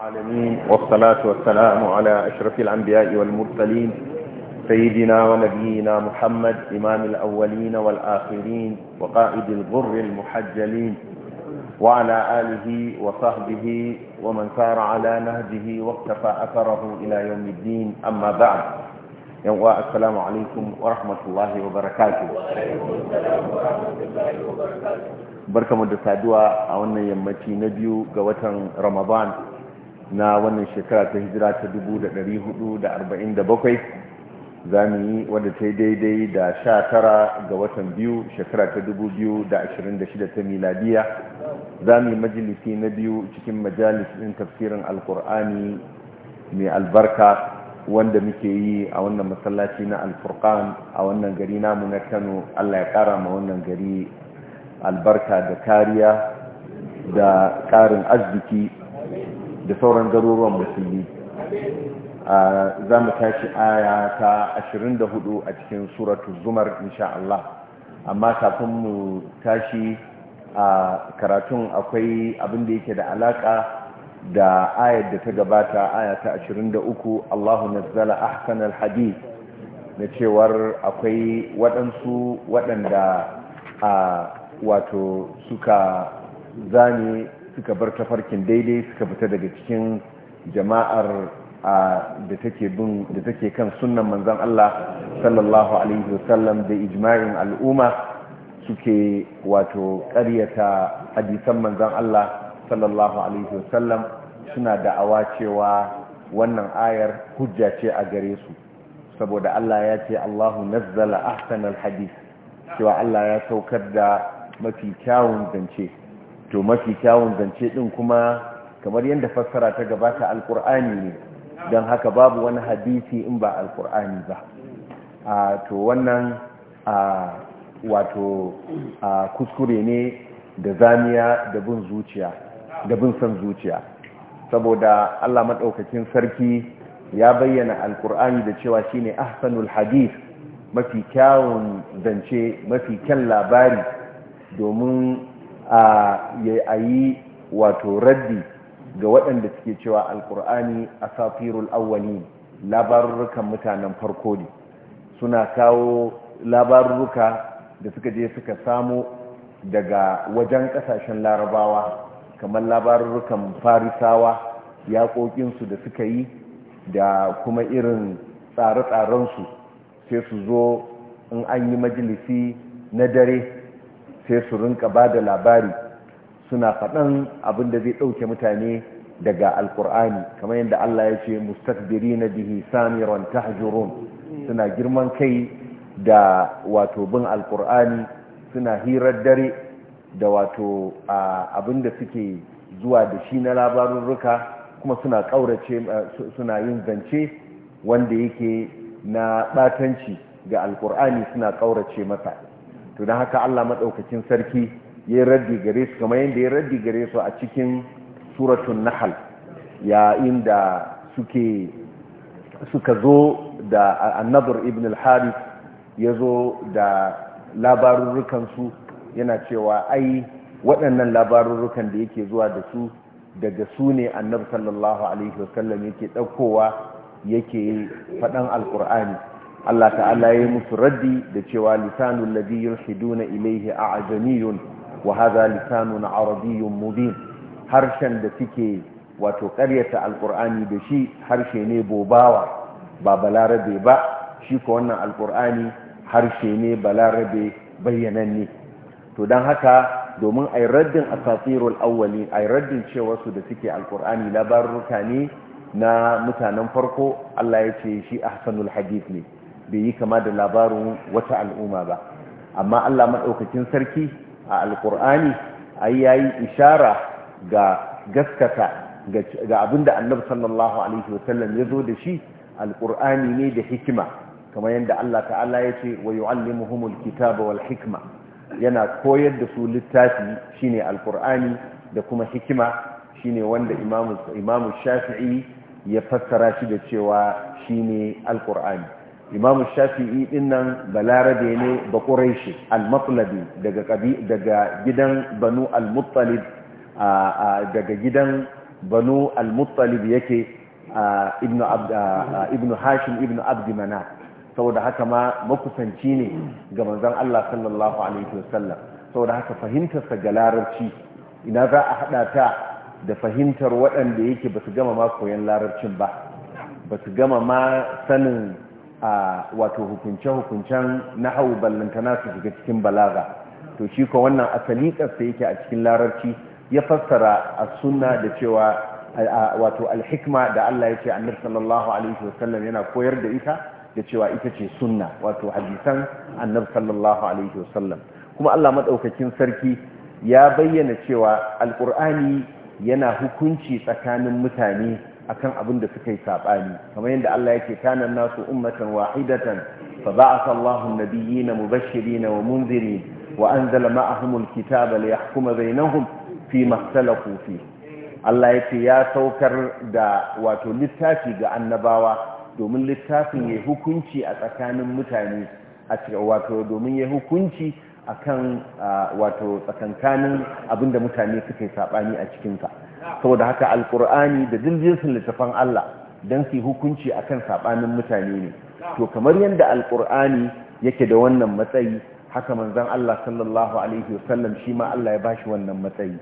العالمين والصلاة والسلام على أشرف الأنبياء والمرسلين سيدنا ونبينا محمد إمام الأولين والآخرين وقائد الغر المحجلين وعلى آله وصحبه ومن سار على نهجه واقتفى أثره إلى يوم الدين أما بعد يوم السلام عليكم ورحمة الله وبركاته وعليكم السلام ورحمة الله وبركاته بركة مدرسة دواء أولا يمتي نبيو قوة رمضان na wannan shekara ta hijira ta bakwai za mu yi wadda ta daidai da 19 ga watan biyu shekara ta 2026 ta miladiya za mu yi majalisi na biyu cikin majalisin tafsirin alkur'ani mai albarka wanda muke yi a wannan masallaci na alfurkan a wannan gari namu na kano allah ya kara ma wannan gari albarka da kariya da karin arziki da sauran garuruwan musulmi za mu tashi aya ta 24 a cikin suratu zumar insha amma kafin mu tashi a karatun akwai abin da yake da alaka da ayar da ta gabata aya ta 23 Allahu nazzala ahsanal hadith na cewar akwai waɗansu waɗanda a wato suka zane suka bar tafarkin daidai suka fita daga cikin jama'ar da take bin kan sunnan manzon Allah sallallahu alaihi wasallam da ijma'in al'umma suke wato ƙaryata hadisan manzon Allah sallallahu alaihi wasallam suna da'awa cewa wannan ayar hujja ce a gare su saboda Allah ya ce Allahu nazzala ahsanal hadith cewa Allah ya saukar da mafi kyawun zance to mafi kyawun zance ɗin kuma kamar yadda fassara ta gabata alkur'ani ne don haka babu wani hadisi in ba alkur'ani ba a to wannan a wato a kuskure ne da zamiya da bin zuciya da bin son zuciya saboda Allah maɗaukakin sarki ya bayyana alkur'ani da cewa shine ahsanul hadis, mafi kyawun zance mafi kyan labari domin a yi wato raddi ga waɗanda suke cewa alkur'ani a safirul awwali labarurrukan mutanen farko ne suna kawo labarurruka da suka je suka samu daga wajen ƙasashen larabawa kamar labarurrukan farisawa yaƙoƙinsu da suka yi da kuma irin tsare-tsarensu sai su zo in an yi majalisi na dare sai su rinka ba da labari suna faɗan abin da zai ɗauke mutane daga alkur'ani kamar yadda Allah ya ce mustakbiri na bihi samiran tahjurun suna girman kai da wato bin alkur'ani suna hirar dare da wato abin da suke zuwa da shi na labarurruka kuma suna ƙaurace suna yin zance wanda yake na ɓatanci ga alkur'ani suna ƙaurace masa to don haka Allah maɗaukacin sarki ya raddi gare su kamar yadda ya raddi gare su a cikin suratun nahal yayin da suka zo da annabar ibn al-harith ya zo da labarurrukan su yana cewa ai waɗannan labarurrukan da yake zuwa da su daga su ne annabi sallallahu alaihi wasallam yake ɗaukowa yake faɗan al al-ƙur'ani Allah ta'ala ya yi musu raddi da cewa lisanul ladhi hiduna ilaihi a'jamiyun wa hadha lisanun arabiyyun mubin harshen da suke wato ƙaryata alkur'ani da shi harshe ne bobawa ba balarabe ba shi ko wannan alkur'ani harshe ne balarabe bayyananne to don haka domin yi raddin asatirul awwali ai raddin cewa su da suke alkur'ani labaruka ne na mutanen farko Allah ya ce shi ahsanul hadith ne bai yi kama da labarin wata al'umma ba amma Allah maɗaukakin sarki a alƙur'ani ai yayi ishara ga gaskata ga abinda annabi sallallahu alaihi wasallam ya zo da shi alƙur'ani ne da hikima kamar yadda Allah ta'ala ya ce wa yu'allimuhumul kitaba wal hikma yana koyar da su littafi shine alƙur'ani da kuma hikima shine wanda imamu imamu shafi'i ya fassara shi da cewa shine alƙur'ani imamu shafi'i dinnan balarabe ne ba ƙuraishi al-matlabi daga gidan banu al-muttalib daga gidan banu al-muttalib yake Ibn hashim Ibn abdi mana saboda haka ma makusanci ne ga manzon Allah sallallahu alaihi wasallam saboda haka fahimtarsa ga larabci ina za a hada ta da fahimtar waɗanda yake ba su gama ma koyan larabcin ba ba su gama ma sanin a wato hukunce-hukuncen na hau ballantana su shiga cikin balaga to shi ko wannan asali ƙarsa yake a cikin larabci ya fassara a sunna da cewa wato alhikma da Allah ya ce annabi sallallahu alaihi wasallam yana koyar da ita da cewa ita ce sunna wato hadisan annabi sallallahu alaihi wasallam kuma Allah madaukakin sarki ya bayyana cewa Alƙur'ani yana hukunci tsakanin mutane akan abin da suka yi saɓani kamar yadda Allah yake kanan nasu ummatan wahidatan fa ba'atha Allahu an-nabiyyina mubashirin wa munzirin wa anzala ma'ahum al liyahkuma bainahum fi ma ikhtalafu fi Allah yake ya saukar da wato littafi ga annabawa domin littafin ya hukunci a tsakanin mutane a wato domin ya hukunci akan wato tsakankanin abinda mutane suka saɓani a cikinsa saboda haka alkur'ani da duk jinsin littafan Allah don su hukunci akan sabanin mutane ne to kamar yadda alkur'ani yake da wannan matsayi haka manzon Allah sallallahu alaihi wasallam shi ma Allah ya bashi wannan matsayi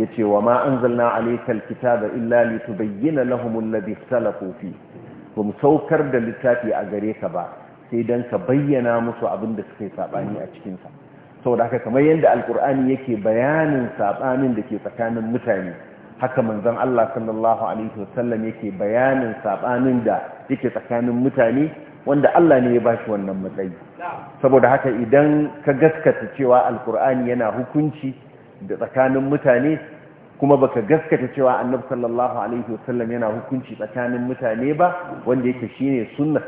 ya ce wa ma anzalna alaykal da illa su bayyana alladhi ikhtalafu ba bamu saukar da littafi a gare ka ba sai dan ka bayyana musu abin da suka yi sabani a cikinsa sa haka kamar yadda alkur'ani yake bayanin sabanin da ke tsakanin mutane haka manzon Allah sallallahu alaihi wasallam yake bayanin sabanin da yake tsakanin mutane wanda Allah ne ya bashi wannan matsayi saboda haka idan ka gaskata cewa alkur'ani yana hukunci da tsakanin mutane kuma baka gaskata cewa annabi sallallahu alaihi wasallam yana hukunci tsakanin mutane ba wanda yake shine sunna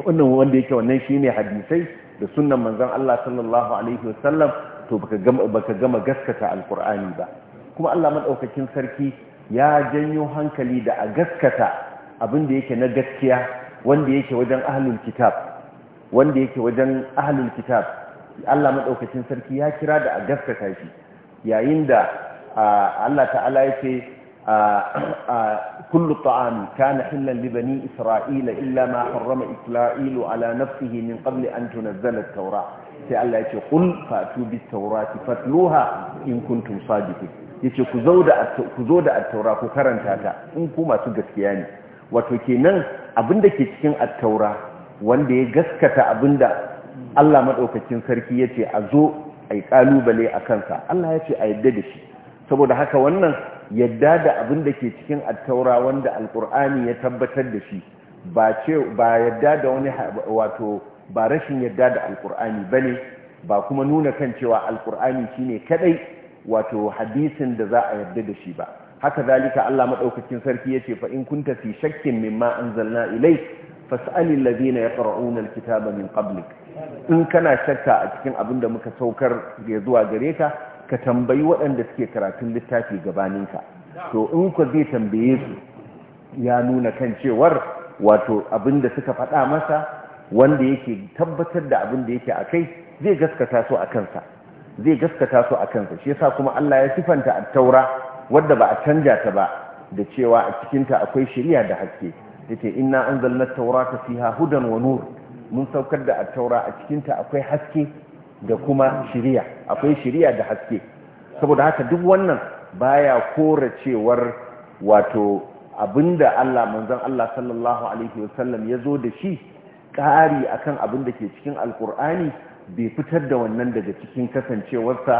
wannan wanda yake wannan shine hadisai da sunnan manzon Allah sallallahu alaihi wasallam to baka gama gaskata alkur'ani ba kuma Allah maɗaukacin sarki ya janyo hankali da a gaskata abin da yake na gaskiya wanda yake wajen ahlul kitab wanda yake wajen ahlul kitab Allah maɗaukacin sarki ya kira da a gaskata shi yayin da Allah ta'ala yake kullu ta'am kana hillan li bani isra'ila illa ma harrama isra'ilu ala nafsihi min qabli an tunzala at-taura sai Allah yake qul fatu bit-taurati fatluha in kuntum sadiqin yace ku zo da ku zo da at ku karanta ta in ku masu gaskiya ne wato kenan abinda ke cikin at wanda ya gaskata abinda Allah madaukakin sarki yace a zo ai kalubale a kansa Allah yace a yadda da shi saboda haka wannan yadda da abinda ke cikin at wanda al ya tabbatar da shi ba ce ba yadda da wani wato ba rashin yadda da al-Qur'ani bane ba kuma nuna kan cewa al shine kadai wato hadisin da za a yarda da shi ba haka zalika Allah madaukakin sarki yace fa in kunta fi shakkin mimma anzalna ilay fas'ali alladhina yaqra'una alkitaba min qablik in kana shakka a cikin abin da muka saukar ya zuwa gare ka ka tambayi waɗanda suke karatun littafi ka to in ku zai tambaye su ya nuna kan cewar wato abin da suka faɗa masa wanda yake tabbatar da abin da yake a kai zai gaskata su a kansa zai gaskata su a kansa shi yasa kuma Allah ya sifanta at-taura wadda ba a canja ta ba da cewa a cikin akwai shari'a da haske yace inna anzalna at-taurata fiha hudan wa nur mun saukar da at-taura a cikin ta akwai haske da kuma shari'a akwai shari'a da haske saboda haka duk wannan baya kora cewar wato abinda Allah manzon Allah sallallahu alaihi wasallam ya zo da shi ƙari akan abin da ke cikin alkur'ani bai fitar da wannan daga cikin kasancewarsa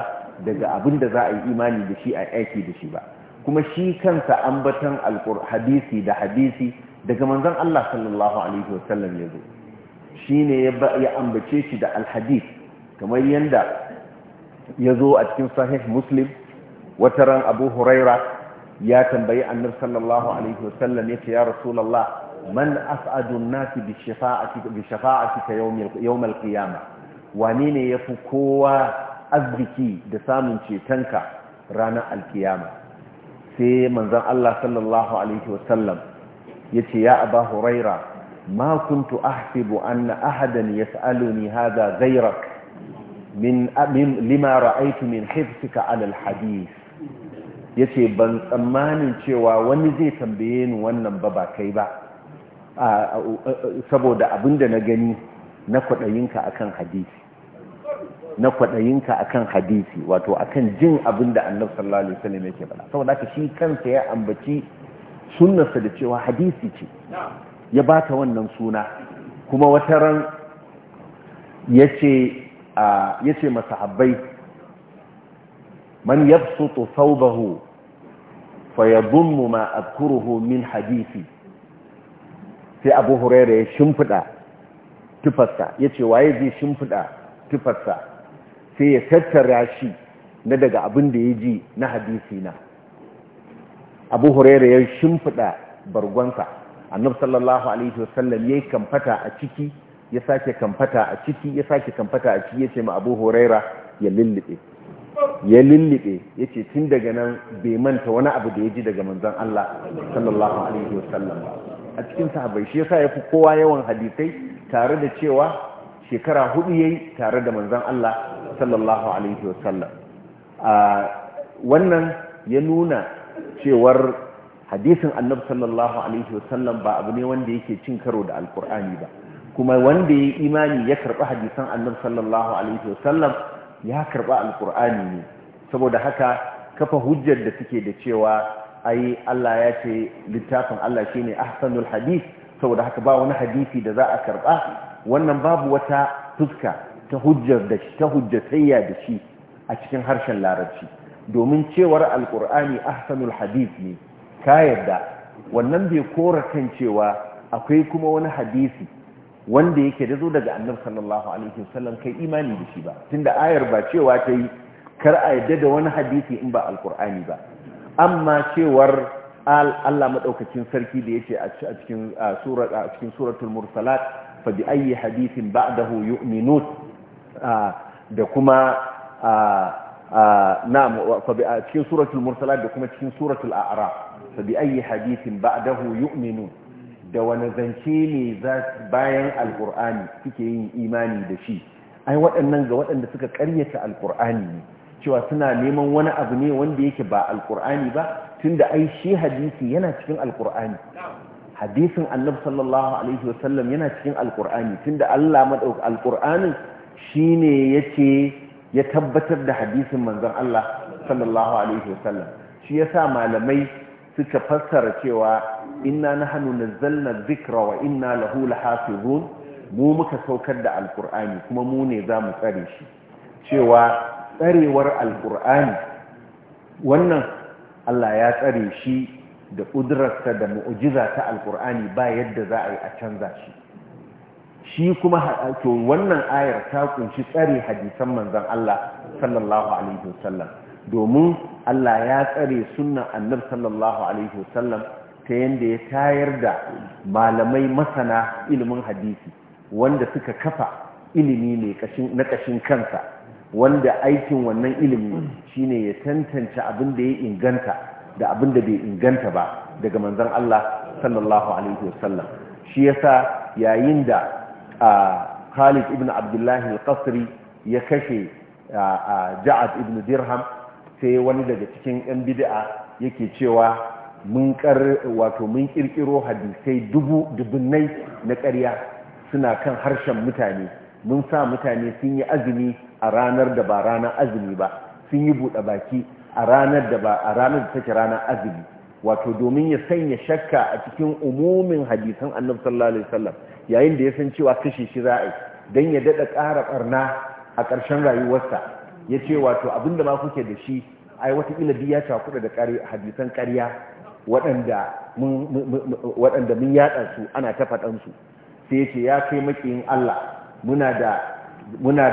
daga abin da za a yi imani da shi a aiki da shi ba kuma shi kansa ambatan alkur hadisi da hadisi daga manzon Allah sallallahu alaihi wasallam ya zo shine ya ambace shi da alhadis kamar yanda ya zo a cikin sahih muslim ran abu huraira ya tambayi annabi sallallahu alaihi wasallam yace ya rasulullah man as'adun nasi bi shafa'ati bi shafa'ati yawm al-qiyamah wane ne ya fi kowa arziki da samun cetonka ranar alkiyama sai manzan Allah sallallahu Alaihi wasallam ya ce ya aba huraira ma kuntu ahsibu anna ahadan yas'aluni hadha haza min lima ra’aiki min hifsika alal hadis ya ce ban tsammanin cewa wani zai tambaye ni wannan ba ba kai ba saboda abinda na gani na kwaɗayinka akan hadisi na kwaɗayinka akan hadisi wato akan jin abin da annabi sallallahu alaihi wasallam yake faɗa saboda haka shi kansa ya ambaci sunnarsa da cewa hadisi ce ya ba ta wannan suna kuma wata ran ya ce masahabbai man yabsutu fa fayadhummu ma adkuruhu min hadisi sai abu huraira ya shimfida tufarsa ya ce waye zai shimfida tufarsa sai ya tattara shi na daga abin da ya ji na hadisi na abu huraira ya shimfiɗa bargonsa annab sallallahu alaihi wasallam ya yi kamfata a ciki ya sake kamfata a ciki ya sake kamfata a ciki ya ce ma abu huraira ya lullube ya lullube ya ce tun daga nan bai manta wani abu da ya ji daga manzan Allah sallallahu alaihi wasallam a cikin sahabai shi yasa ya fi kowa yawan hadisai tare da cewa shekara hudu ya yi tare da manzan Allah sallallahu alaihi wasallam wannan ya nuna cewar hadisin annabi sallallahu alaihi wasallam ba abu ne wanda yake cin karo da alkur'ani ba kuma wanda ya imani ya karba hadisan annabi sallallahu alaihi wasallam ya karba alkur'ani ne saboda haka kafa hujjar da suke da cewa ai Allah ya ce littafin Allah shine ahsanul hadith saboda haka ba wani hadisi da za a karɓa wannan babu wata fuska ta hujjar da shi ta da shi a cikin harshen larabci domin cewar alkur'ani ahsanul hadith ne ka yarda wannan bai kora kan cewa akwai kuma wani hadisi wanda yake da zo daga annabi sallallahu alaihi wasallam kai imani da shi ba tunda ayar ba cewa ta yi kar a yarda da wani hadisi in ba alkur'ani ba amma cewar Allah maɗaukacin sarki da ya ce cikin a cikin suratul mursalat fa bi ayi hadithin ba'dahu yu'minun da kuma na'am cikin suratul mursala da kuma cikin suratul a'ra fa bi ayi hadithin ba'dahu yu'minun da wani zance ne bayan alkur'ani suke yin imani da shi ai waɗannan ga waɗanda suka ƙaryata alkur'ani ne cewa suna neman wani abu ne wanda yake ba alkur'ani ba tunda ai shi hadisi yana cikin alkur'ani hadisin annabi sallallahu alaihi wasallam yana cikin alkur'ani tunda Allah madauk alkur'anin shine yace ya tabbatar da hadisin manzon Allah sallallahu alaihi wasallam shi yasa malamai suka fassara cewa inna nahnu nazzalna dhikra wa inna lahu lahafizun mu muka saukar da alqur'ani kuma mu ne zamu tsare shi cewa tsarewar alqur'ani wannan Allah ya tsare shi da ƙudurarsa da mu'ujiza ta alƙur'ani ba yadda za a yi a canza shi shi kuma to wannan ayar ta kunshi tsare hadisan manzon Allah sallallahu alaihi wasallam domin Allah ya tsare sunnan annabi sallallahu alaihi wasallam ta yanda ya tayar da malamai masana ilimin hadisi wanda suka kafa ilimi ne na kashin kansa wanda aikin wannan ilimi shine ya tantance abin da ya inganta da abin da bai inganta ba daga manzon Allah sallallahu alaihi wasallam shi yasa yayin da Khalid ibn Abdullahi al-Qasri ya kashe Ja'ad ibn Dirham sai wani daga cikin yan bid'a yake cewa mun kar wato mun kirkiro hadisai dubu dubunnai na ƙarya suna kan harshen mutane mun sa mutane sun yi azumi a ranar da ba ranar azumi ba sun yi buɗe baki a ranar da ba a ranar da take ranar azumi wato domin ya sanya shakka a cikin umumin hadisan annabi sallallahu alaihi wasallam yayin da ya san cewa kashe shi za a yi don ya daɗa ƙara ɓarna a ƙarshen rayuwarsa ya ce wato abin da ma kuke da shi a wata ila biya kuɗa da hadisan ƙarya waɗanda mun yaɗa su ana ta faɗansu sai ya ce ya kai maƙiyin Allah muna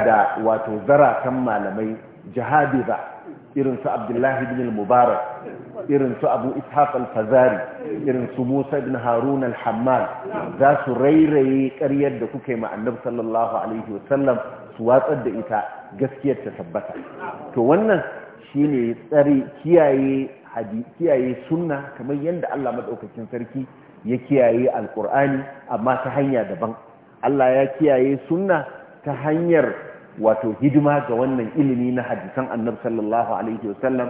da wato kan malamai jihadi ba irin su abdullahi ibn mubarak irin su abu ishaq al-fazari irin su musa bin harun al-hammal za su rairaye ƙaryar da kuka yi annabi sallallahu alaihi wasallam su watsar da ita gaskiyar ta tabbata to wannan shine tsari kiyaye kiyaye sunna kamar yadda Allah madaukakin sarki ya kiyaye Al-ƙur'ani amma ta hanya daban Allah ya kiyaye sunna ta hanyar wato hidima ga wannan ilimi na hadisan annabi sallallahu alaihi wasallam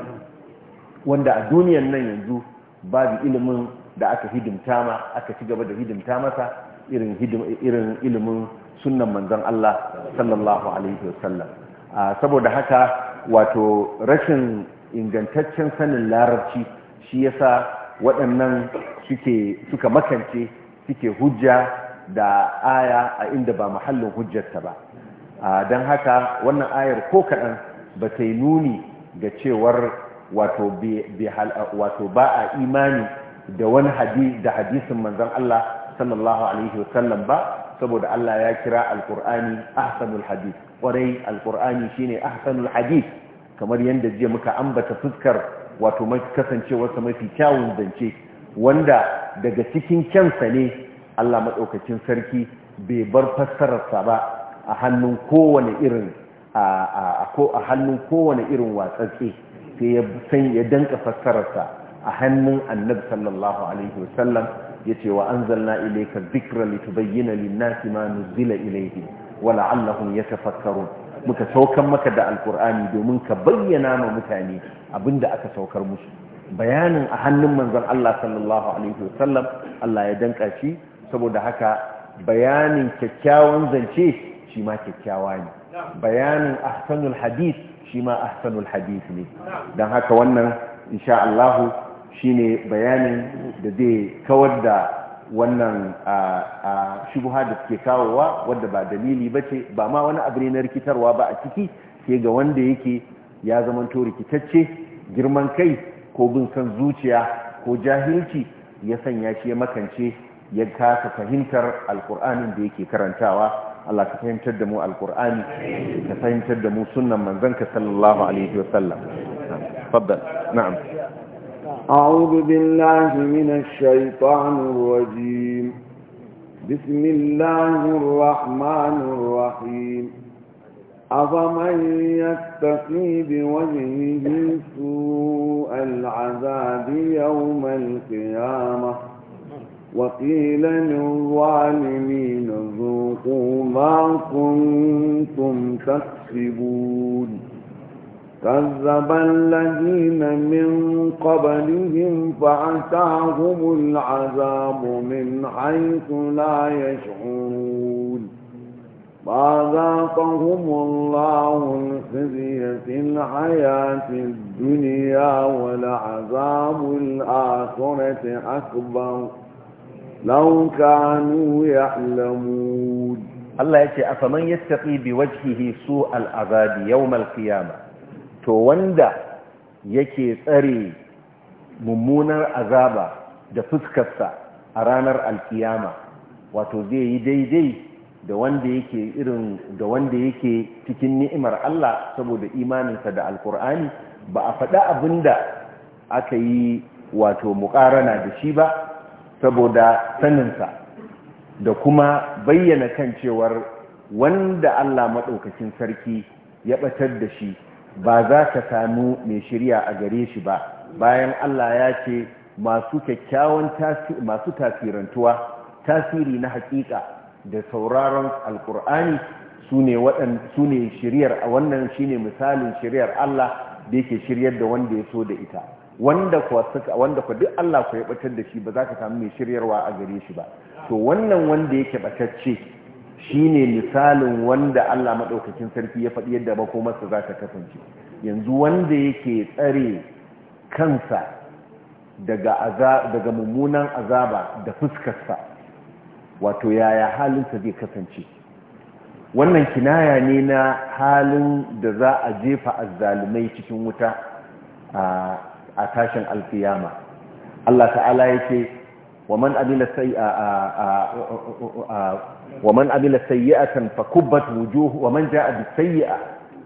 wanda a duniyar nan yanzu babu ilimin da aka hidimta ma aka ci gaba da hidimta masa irin irin ilimin sunnan manzon Allah sallallahu alaihi wasallam saboda haka wato rashin ingantaccen sanin larabci shi yasa waɗannan suke suka makance suke hujja da aya a inda ba muhallin hujjarta ba don haka wannan ayar ko kaɗan ba ta yi nuni ga cewar wato ba a imani da wani hadi da hadisin manzon Allah sallallahu alaihi wasallam ba saboda Allah ya kira alkur'ani ahsanul hadith kwarai alkur'ani shine ahsanul hadis kamar yadda jiya muka ambata fuskar wato kasancewarsa mafi kyawun zance wanda daga cikin kyansa ne Allah maɗaukacin sarki bai bar fassararsa ba a hannun kowane irin a hannun kowane irin watsatse sai ya san ya danka fassararsa a hannun annabi sallallahu alaihi wasallam ce wa anzalna ilayka dhikra litubayyana lin-nasi ma nuzila ilayhim wa la'allahum yatafakkarun muka saukar maka da alkur'ani domin ka bayyana ma mutane abinda aka saukar musu bayanin a hannun manzon Allah sallallahu alaihi wasallam Allah ya danka shi saboda haka bayanin kyakkyawan zance shi ma kyakkyawa ne bayanin ahsanul hadith shi ma ahsanul hadith ne don haka wannan insha shi ne bayanin da zai kawar da wannan shubuha da suke kawowa wadda ba dalili ba ce ba ma wani abu ne na rikitarwa ba a ciki sai ga wanda yake ya zamanto rikitacce girman kai ko bin san zuciya ko jahilci ya sanya shi ya makance ya kasa fahimtar alkur'anin da yake karantawa Allah ka fahimtar da mu alkur'ani ka fahimtar da mu sunnan manzanka sallallahu alaihi wasallam faddal na'am أعوذ بالله من الشيطان الرجيم بسم الله الرحمن الرحيم أفمن يتقي بوجهه سوء العذاب يوم القيامة وقيل للظالمين ذوقوا ما كنتم تكسبون كذب الذين من قبلهم فأتاهم العذاب من حيث لا يشعرون فأذاقهم الله الخزي في الحياة الدنيا ولعذاب الآخرة أكبر لو كانوا يعلمون الله يتي أفمن يتقي بوجهه su العذاب yau القيامة to wanda yake tsare mummunar azaba da fuskarsa a ranar alkiyama wato zai yi daidai da wanda yake irin da wanda yake cikin ni'imar Allah saboda imaninsa da alkur'ani ba a faɗa abinda aka yi wato muƙarana da shi ba saboda saninsa da kuma bayyana kan cewar wanda Allah maɗaukakin sarki ya ɓatar da shi ba za ka samu mai shirya a gare shi ba bayan Allah ya ce masu kyakkyawan masu tasirantuwa tasiri na hakika da sauraron alkur'ani su ne shiryar a wannan shine misalin shiryar Allah da yake shiryar da wanda ya so da ita wanda kuwa suka wanda kuwa duk Allah ku ya batar da shi ba za ka samu mai shiryarwa a gare shi ba to wannan wanda yake batacce shine misalin wanda Allah madaukakin sarki ya faɗi yadda makomarsa za ta kasance yanzu wanda yake tsare kansa daga daga mummunan azaba da fuskarsa wato yaya halinsa zai kasance wannan kinaya ne na halin da za a jefa azzalumai cikin wuta a a tashin alkiyama Allah ta'ala yake waman amila sayyi'a waman amila wujuhu waman jaa bis sayyi'a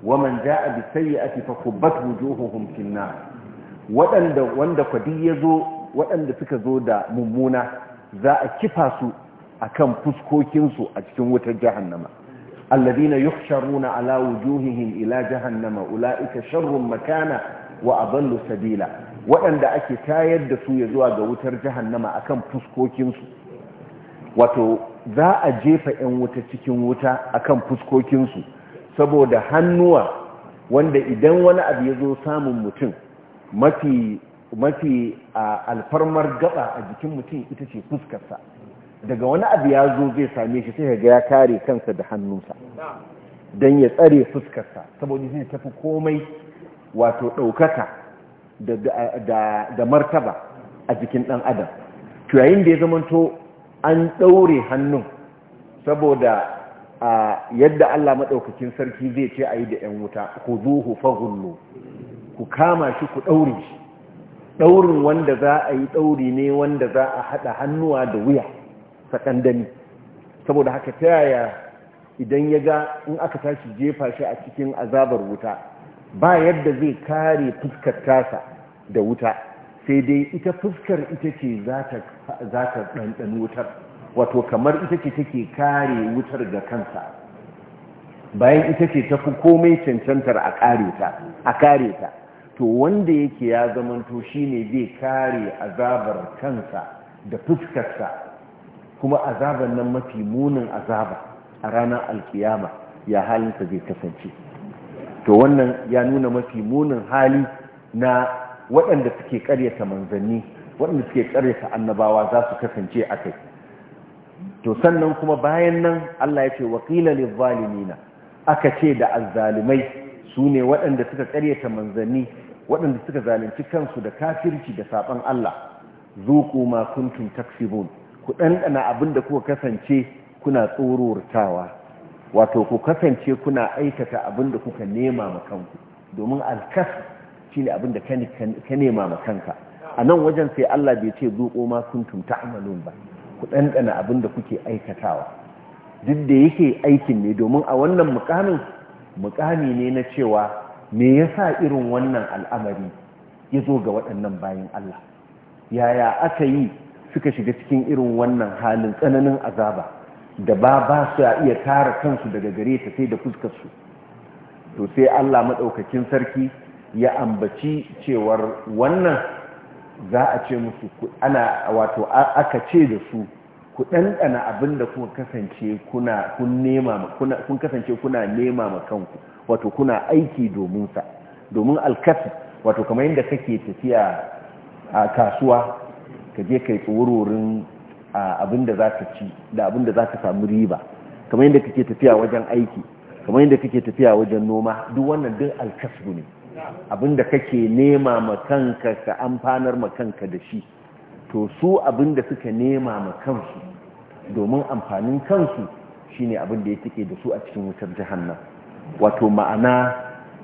waman jaa bis sayyi'ati fakubbat wujuhuhum fin wadanda wanda kwadi yazo wadanda suka zo da mummuna za a kifa su akan fuskokin su a cikin wutar jahannama alladhina yuhsharuna ala wujuhihim ila jahannama ulaika sharrun makana wa adallu sabila waɗanda ake tayar da su ya zuwa ga wutar jahannama akan fuskokinsu wato za a jefa 'yan wuta cikin wuta akan fuskokinsu saboda hannuwa wanda idan wani abu ya zo samun mutum mafi mafi alfarmar gaba a jikin mutum ita ce fuskarsa daga wani abu ya zo zai same shi sai ga ya kare kansa da hannunsa don ya tsare fuskarsa saboda zai tafi komai wato ɗaukaka da martaba a jikin ɗan adam to yayin da ya zamanto an ɗaure hannun saboda yadda Allah maɗaukakin sarki zai ce a yi da ‘yan wuta ku zuhu fagullo ku kama shi ku ɗaure shi ɗaurin wanda za a yi ɗauri ne wanda za a haɗa hannuwa da wuya sakandami saboda haka ta yaya idan ya ga in aka tashi jefa shi a cikin azabar wuta ba yadda zai kare fuskar tasa da wuta sai dai ita fuskar ita ce za ta ɗanɗan wutar wato kamar ita ce take kare wutar ga kansa bayan ita ce ta fi komai cancantar a kare ta a kare to wanda yake ya zamanto ne zai kare azabar kansa da fuskarsa kuma azabar nan mafi munin azaba a ranar alkiyama ya halinsa zai kasance to wannan ya nuna mafi munin hali na waɗanda suke ƙaryata manzanni waɗanda suke ƙaryata annabawa za su kasance a kai to sannan kuma bayan nan Allah ya ce waƙila lizzalimina aka ce da azzalimai su ne waɗanda suka ƙaryata manzanni waɗanda suka zalunci kansu da kafirci da saɓan Allah zuku ma kuntum taksibun ku ɗanɗana abin da kuka kasance kuna tsorortawa wato ku kasance kuna aikata abin da kuka nema ma kanku domin alkas shine abin da ka nema ma kanka a nan wajen sai Allah bai ce zuƙo ma kuntum ta'malun ba ku ɗanɗana abin da kuke aikatawa duk da yake aikin ne domin a wannan mukamin mukami ne na cewa me yasa irin wannan al'amari ya zo ga waɗannan bayan Allah yaya aka yi suka shiga cikin irin wannan halin tsananin azaba da ba ba su iya tara kansu daga gare ta sai da su? to sai Allah maɗaukakin sarki ya ambaci cewar wannan za a ce musu ana wato aka ce da su ku ɗanɗana abin da kuna kun kasance kuna nema ma kanku wato kuna aiki domin sa domin alkasi wato kamar yadda kake tafiya a kasuwa ka je kai tsururin abin da za ka ci da abin da za ka samu riba kamar yadda kake tafiya wajen aiki kamar yadda kake tafiya wajen noma duk wannan duk alkasbu ne abin da kake nema ma kanka ka amfanar ma kanka da shi to su abin da suka nema ma kansu domin amfanin kansu shine abin da ya tike da su a cikin wutar jahannam wato ma'ana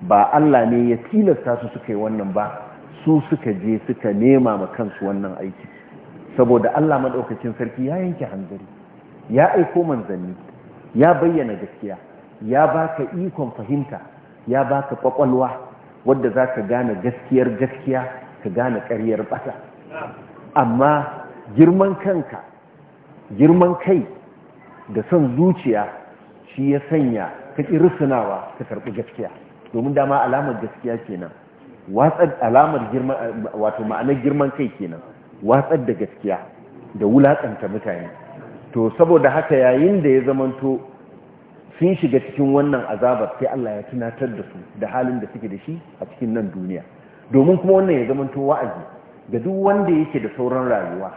ba Allah ne ya tilasta su suka yi wannan ba su suka je suka nema ma kansu wannan aiki saboda Allah madaukakin sarki ya yanke hanzari ya aiko manzanni ya bayyana gaskiya ya baka ikon fahimta ya baka kwakwalwa wadda za ka gane gaskiyar gaskiya ka gane ƙaryar ɓasa. amma girman kanka girman kai da son zuciya shi ya sanya ka ƙi rusunawa ka karɓi gaskiya domin dama alamar gaskiya kenan watsar alamar girman wato ma'anar girman kai kenan watsar da gaskiya da wulaƙanta mutane to saboda haka yayin da ya zamanto sun shiga cikin wannan azabar sai Allah ya tunatar da su da halin da suke da shi a cikin nan duniya domin kuma wannan ya zamanto wa'azi ga duk wanda yake da sauran rayuwa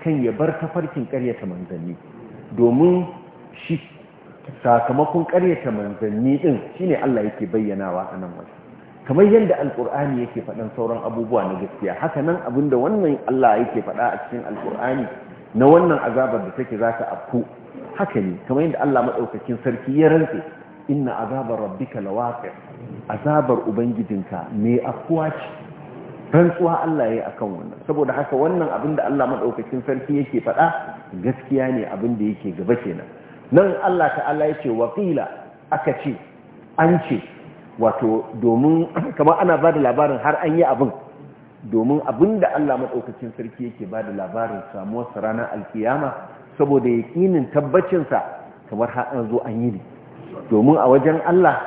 kan ya bar tafarkin ƙaryata manzanni domin shi sakamakon ƙaryata manzanni din shine Allah yake bayyanawa a nan wasu kamar yadda alkur'ani yake faɗan sauran abubuwa na gaskiya haka nan abinda wannan Allah yake faɗa a cikin alkur'ani na wannan azabar da take za ta afku haka ne kamar yadda Allah maɗaukakin sarki ya rantse inna azabar rabbika lawaqi azabar ubangijinka me afkuwa ce rantsuwa Allah yayi akan wannan saboda haka wannan abinda da Allah maɗaukakin sarki yake faɗa gaskiya ne abin da yake gaba kenan nan Allah ta'ala yace waqila aka ce an ce wato domin kama ana ba da labarin har an yi abin domin abin da Allah maɗaukacin sarki yake ba da labarin samuwarsa ranar alkiyama saboda ya ƙinin tabbacinsa kamar har an zo an yi ne domin a wajen Allah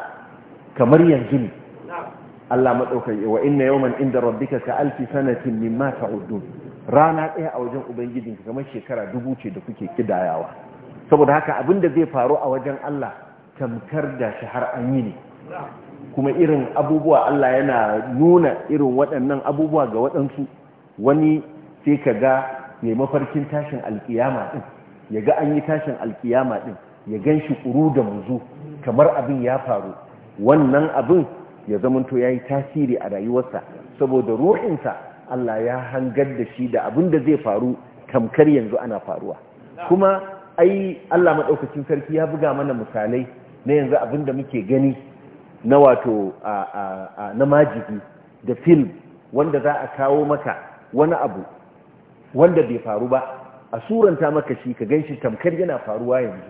kamar yanzu ne Allah maɗaukacin wa inna yawman inda rabbika ka alfi sanatin mimma ta'udun rana ɗaya a wajen ubangijin kamar shekara dubu ce da kuke kidayawa saboda haka abin da zai faru a wajen Allah tamkar da shi har an yi ne kuma irin abubuwa Allah yana nuna irin waɗannan abubuwa ga waɗansu wani sai ka ga mai mafarkin tashin alkiyama ɗin ya ga an yi tashin alkiyama ɗin ya gan shi ƙuru da muzu kamar abin ya faru wannan abin ya zamanto ya yi tasiri a rayuwarsa saboda ruhinsa Allah ya hangar da shi da abin da zai faru tamkar yanzu ana faruwa kuma ai Allah maɗaukacin sarki ya buga mana misalai na yanzu abin da muke gani na wato na majigi da film wanda za a kawo maka wani abu wanda bai faru ba a suranta maka shi ka ganshi tamkar yana faruwa yanzu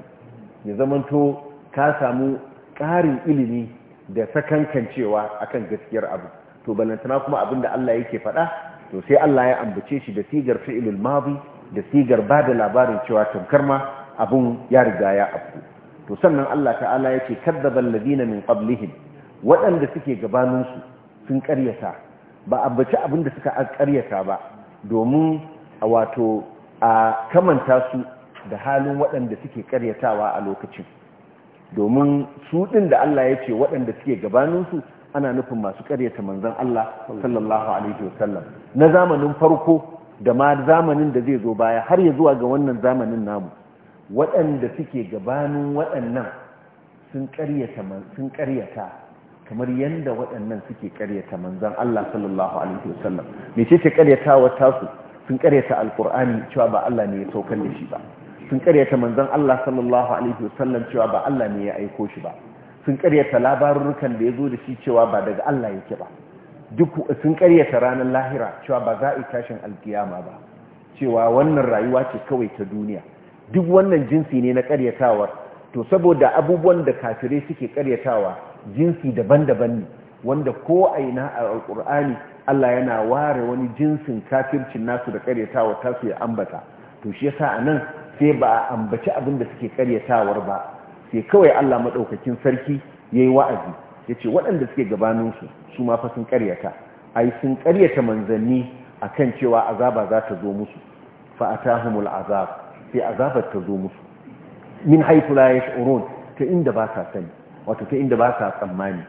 ya zamanto ka samu ƙarin ilimi da sakankancewa akan gaskiyar abu to balantana kuma abin da Allah yake faɗa to sai Allah ya ambace shi da sigar fi'ilul mabi da sigar ba da labarin cewa tamkar ma abun ya riga ya afku to sannan Allah ta'ala ya ce kaddabal ladina min qablihim waɗanda suke gabaninsu sun ƙaryata ba a baci abin da suka ƙaryata ba domin a wato a kamanta su da halin waɗanda suke ƙaryatawa a lokacin domin su ɗin da Allah ya ce waɗanda suke gabaninsu ana nufin masu ƙaryata manzan Allah sallallahu alaihi wasallam na zamanin farko da ma zamanin da zai zo baya har ya zuwa ga wannan zamanin namu waɗanda suke gabanin waɗannan sun ƙaryata kamar yadda waɗannan suke ƙaryata manzan Allah sallallahu Alaihi wasallam mai ce ce ƙaryatawa tasu sun ƙaryata alƙur'ani cewa ba Allah ne ya saukar da shi ba sun ƙaryata manzan Allah sallallahu Alaihi wasallam cewa ba Allah ne ya aiko shi ba sun ƙaryata labarurrukan da ya zo da shi cewa ba daga Allah yake ba duk sun ƙaryata ranar lahira cewa ba za a yi tashin alkiyama ba cewa wannan rayuwa ce kawai ta duniya duk wannan jinsi ne na karyatawa to saboda abubuwan da kafire suke karyatawa jinsi daban-daban ne wanda ko a aina a alkur'ani Allah yana ware wani jinsin kafircin nasu da karyatawa tasu ya ambata to shi yasa anan sai ba ambaci abin da suke karyatawar ba sai kawai Allah madaukakin sarki yayi wa'azi yace waɗanda suke gabanin su su ma fa sun karyata ai sun karyata manzanni akan cewa azaba za ta zo musu fa atahumul azab sai azabar ta zo musu min haifu la yash'urun ta inda ba sa sani wato ta inda ba sa tsammani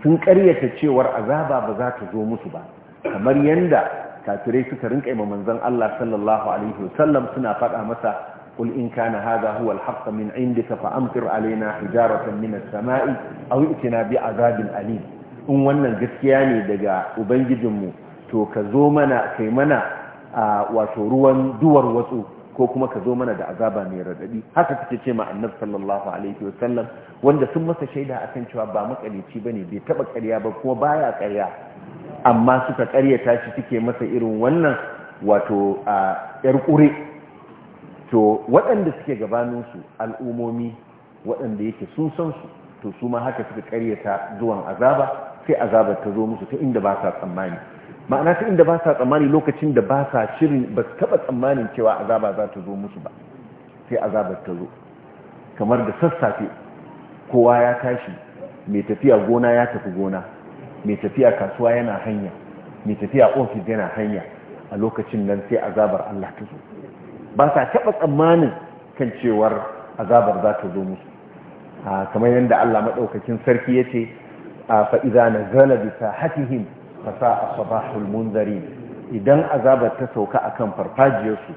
sun karyata cewar azaba ba za ta zo musu ba kamar yadda kafirai suka rinka ma manzon Allah sallallahu alaihi wasallam suna faɗa masa قل إن كان هذا هو الحق من عندك فأمطر علينا حجارة من السماء أو ائتنا بعذاب أليم in wannan gaskiya ne daga ubangijinmu to ka zo mana kai mana wato ruwan duwar watsu ko kuma ka zo mana da azaba mai radadi haka suke ce ma annabi sallallahu alaihi wasallam wanda sun masa shaida akan cewa ba makalici bane bai taba ƙarya ba kuma baya ƙarya amma suka ƙaryata shi suke masa irin wannan wato a yar kure to waɗanda suke gabanin su al'umomi waɗanda yake sun san su to su ma haka suka ƙaryata zuwan azaba sai azabar ta zo musu ta inda ba sa tsammani ma'ana ta inda ba sa tsammani lokacin da ba sa shirin ba su taba tsammanin cewa azaba za ta zo musu ba sai azabar ta zo kamar da sassafe kowa ya tashi mai tafiya gona ya tafi gona mai tafiya kasuwa yana hanya mai tafiya ofis yana hanya a lokacin nan sai azabar Allah ta zo ba sa taba tsammanin kan cewar azabar za ta zo musu kamar yadda Allah maɗaukakin sarki ya ce a fa'iza na zala bisa hatihim fasa sabahul munzari idan azabar ta sauka akan kan farfajiyarsu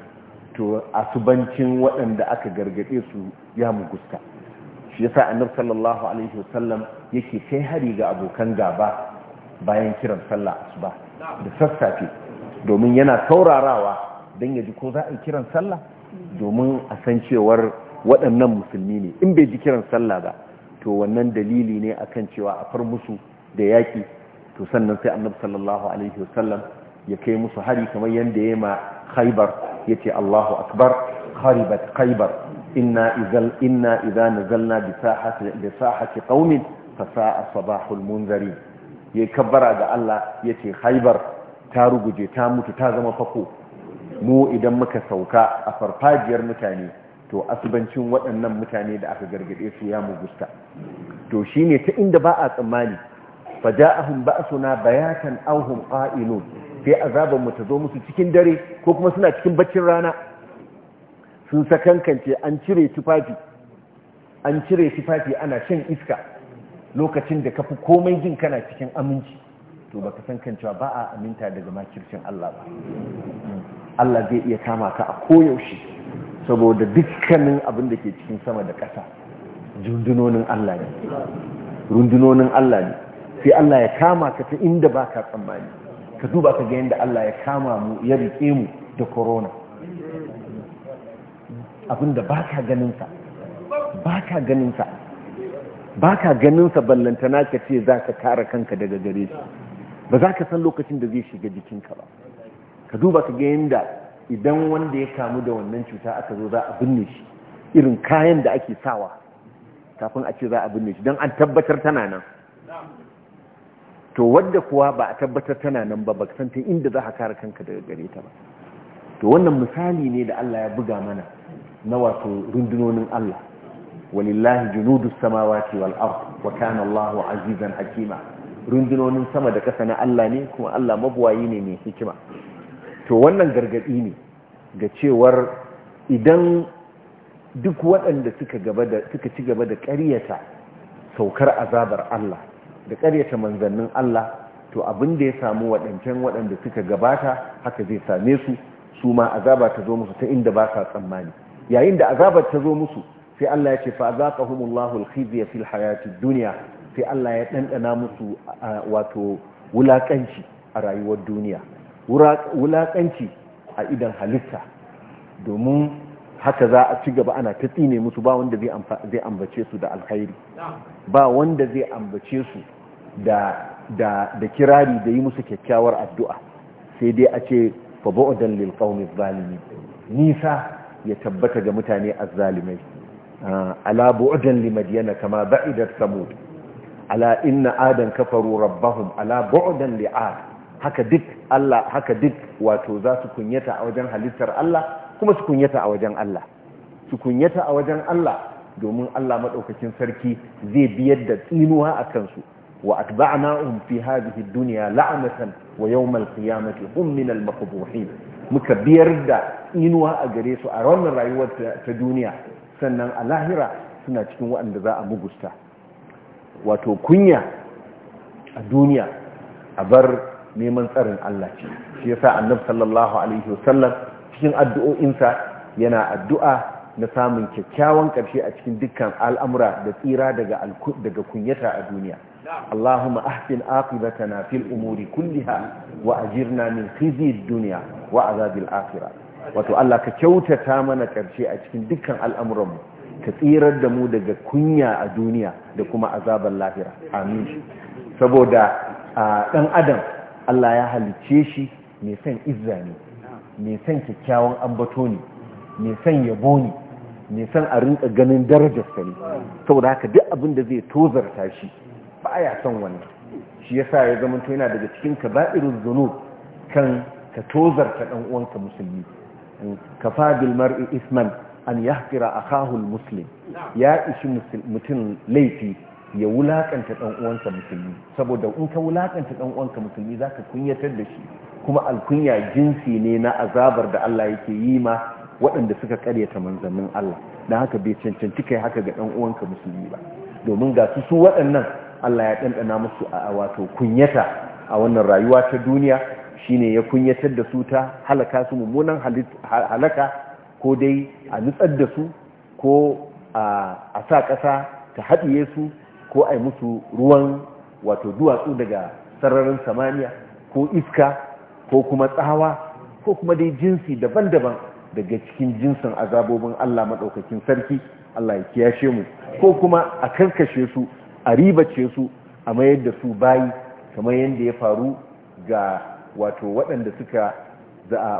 to asubancin waɗanda aka gargaɗe su ya mugusta shi yasa annabi sallallahu alaihi wasallam yake kai hari ga abokan gaba bayan kiran sallah asuba da sassafe domin yana saurarawa don ya ji ko za a kiran sallah domin a san cewar waɗannan musulmi ne in bai ji kiran sallah ba to wannan dalili ne akan cewa a far musu da yaƙi to sannan sai annabi sallallahu alaihi wasallam ya kai musu hari kamar yanda ya ma khaybar yace Allahu akbar kharibat khaybar inna idhal inna idha nazalna bi sahati bi sahati qaumin fa sa'a sabahul munzari yayi kabbara ga Allah yace khaybar ta ruguje ta mutu ta zama fako mu idan muka sauka a farfajiyar mutane to asubancin waɗannan mutane da aka gargade su ya mu gusta to shine ta inda ba a tsammani faja'ahum ba'suna bayatan aw hum qa'ilun sai azabin mu ta zo musu cikin dare ko kuma suna cikin baccin rana sun sakankance an cire tufafi an cire tufafi ana shan iska lokacin da kafi komai jin kana cikin aminci to baka san kancewa ba a aminta daga makircin Allah ba Allah zai iya kama ka a koyaushe saboda dukkanin abin da ke cikin sama da ƙasa rundunonin Allah ne sai Allah ya kama ka ta inda ba ka tsammani ka duba ka ga yadda Allah ya kama mu ya rike mu da corona abinda ba ka ganinsa ba ka ganinsa ba ka ganinsa ballantana ka ce za ka kara kanka daga gare shi ba za ka san lokacin da zai shiga jikinka ba ka duba ka ga yadda idan wanda ya kamu da wannan cuta aka zo za a binne shi irin kayan da ake sawa kafin a ce za a binne shi don an tabbatar tana nan to wadda kuwa ba a tabbatar tana nan ba ba san ta inda za ka kare kanka daga gare ta ba to wannan misali ne da Allah ya buga mana na wato rundunonin Allah walillahi junudu samawati wal ard wa kana Allahu azizan hakima rundunonin sama da kasa na Allah ne kuma Allah mabuwayi ne mai hikima to wannan gargadi ne ga cewar idan duk waɗanda suka ci gaba da ƙaryata saukar azabar Allah da ƙaryata manzannin Allah to abin da ya samu waɗancan waɗanda suka gabata haka zai same su su ma azaba ta zo musu ta inda ba sa tsammani yayin da azabar ta zo musu sai Allah ya ce fa azaqahumullahu alkhizya fil hayati dunya sai Allah ya dandana musu wato wulakanci a rayuwar duniya wulakanci a idan halitta domin haka za a ci gaba ana ta tsine musu ba wanda zai ambace su da alkhairi ba wanda zai ambace su da da da kirari da yi musu kyakkyawar addu'a sai dai a ce fa bu'dan lil qaumi zalimi nisa ya tabbata ga mutane azzalimai ah, ala bu'dan li madyana kama ba'idat samud ala inna adan kafaru rabbahum ala bu'dan li ad haka duk Allah haka duk wato za su kunyata a wajen halittar Allah kuma su kunyata a wajen Allah su kunyata a wajen Allah domin Allah madaukakin sarki zai biyar da tsinuwa a kansu واتبعناهم في هذه الدنيا لعنه ويوم القيامه هم من المقبوحين مكبير دا في الدنيا سنن الاخره suna cikin waɗanda za a mugusta wato kunya a duniya a bar neman tsarin Allah ce shi yasa annabi sallallahu alaihi wasallam cikin addu'o'insa yana addu'a na samun kyakkyawan ƙarshe a cikin dukkan al'amura da tsira daga kunyata a duniya اللهم أحسن آقبتنا في الأمور كلها وأجرنا من خزي الدنيا وعذاب الآخرة وتؤلا كتوتة تامنة كبشي أجفن دكا الأمر كثيرا دمودة كنيا الدنيا tsirar da mu daga kunya a duniya da kuma ɗan adam Allah ya halicce shi mai san izza ne mai san kyakkyawan ambato ne mai san yabo ne mai san a rinka ganin darajar sani saboda haka duk abin da zai tozarta shi ba a yasan wannan shi ya sa ya zama to yana daga cikin kaba'irul zunub kan ka tozarta dan uwanka musulmi kafa bil mar'i isman an yahqira akahu al muslim ya ishi mutum laifi ya wulakanta dan uwanka musulmi saboda in ka wulakanta dan uwanka musulmi zaka kunyatar da shi kuma alkunya jinsi ne na azabar da Allah yake yi ma waɗanda suka karyata manzannin Allah dan haka bai cancanci kai haka ga dan uwanka musulmi ba domin ga su su waɗannan Allah ya ɗanɗana musu a wato kunyata a wannan rayuwa ta duniya shine ya kunyatar da su ta halaka su mummunan halaka ko dai a nutsar da su ko a sa ƙasa ta haɗiye su ko a yi musu ruwan wato duwatsu daga sararin samaniya ko iska ko kuma tsawa ko kuma dai jinsi daban-daban daga cikin jinsin azabobin Allah maɗaukakin sarki Allah ya kiyashe mu ko kuma a karkashe su a ribace su a mayar da su bayi kamar yadda ya faru ga wato waɗanda suka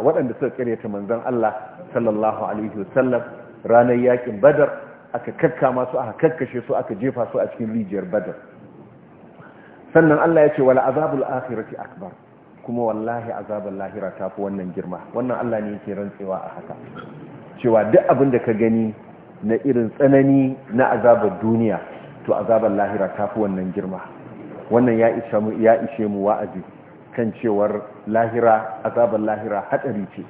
waɗanda suka ƙaryata manzon Allah sallallahu alaihi wasallam ranar yaƙin badar aka kakkama masu aka kakkashe su aka jefa su a cikin rijiyar badar sannan Allah ya ce wala azabul akhirati akbar kuma wallahi azabul lahira tafi wannan girma wannan Allah ne yake rantsewa a haka cewa duk abin da ka gani na irin tsanani na azabar duniya to azabar lahira ta fi wannan girma wannan ya ishe mu wa'azi kan cewar lahira azabar lahira hadari ce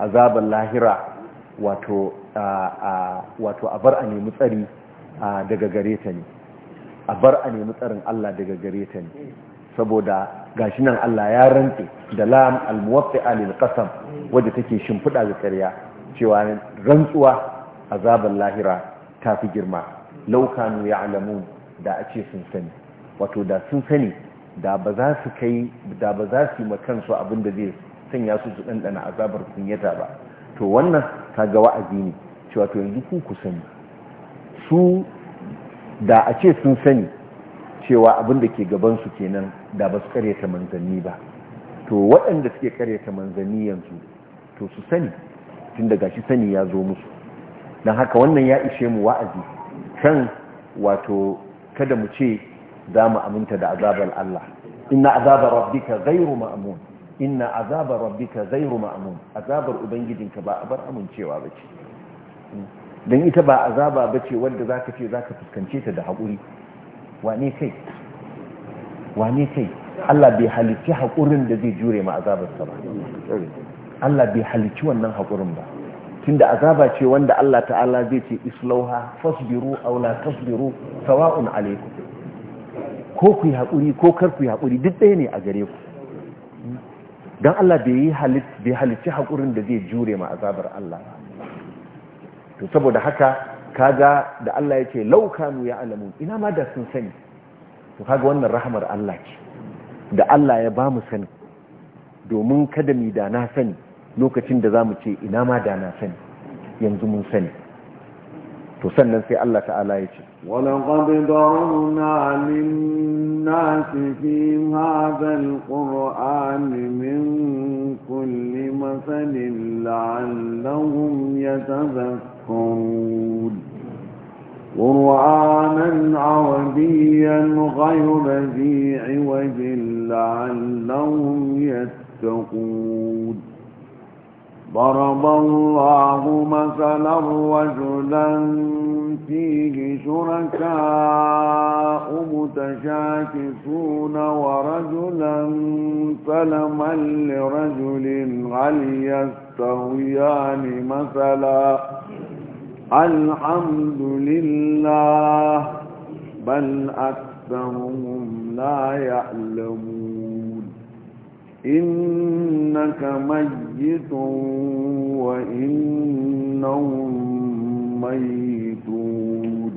azabar lahira wato a bar a nemi tsari daga gare ta ne a bar a nemi tsarin Allah daga gare ta ne saboda gashi nan Allah ya rantse da lam al alil lil qasam take shimfiɗa da ƙarya cewa rantsuwa azabar lahira ta fi girma laukanu ya alamu da a sun sani wato da sun sani da ba za su kai da ba za su yi makansu abinda zai sanya su su ɗanɗana azabar kunyata ba to wannan ta kaga wa'azi ne cewa to yanzu ku ku sani su da a ce sun sani cewa abinda ke gabansu kenan da ba su karyata manzanni ba to waɗanda suke karyata manzanni yanzu to su sani tun daga shi sani ya zo musu don haka wannan ya ishe mu wa'azi kan wato kada mu ce za mu aminta da azabar Allah inna azabar rabbika ghairu ma'mun inna azabar rabbika ghairu ma'mun azabar ubangijinka ba abar amincewa bace dan ita ba azaba bace wanda zaka ce zaka fuskance ta da hakuri wane kai wane kai Allah bai halicci hakurin da zai jure ma azabar sa ba Allah bai halicci wannan hakurin ba tunda azaba ce wanda Allah ta'ala zai ce islauha fasbiru aw la tasbiru sawa'un alaykum ko ku yi hakuri ko kar ku yi hakuri duk ɗaya ne a gare ku dan Allah bai yi halit bai halici hakurin da zai jure ma azabar Allah to saboda haka kaga da Allah yake laukanu ya alamu, ina ma da sun sani to kaga wannan rahamar Allah ce da Allah ya ba mu sani domin kada mi da na sani lokacin da za mu ce ina ma da na sani yanzu mun sani to sannan sai Allah ta'ala ya ce walan qadin da'una lin nasi fi hadhal qur'an min kulli masalin la'allahum yatazakkarun قرآنا عربيا غير ذي عوج لعلهم يتقون ضرب الله مثلا رجلا فيه شركاء متشاكسون ورجلا فلما لرجل هل يستويان مثلا الحمد لله بل أكثرهم لا يعلمون إنك ميت وإنهم ميتون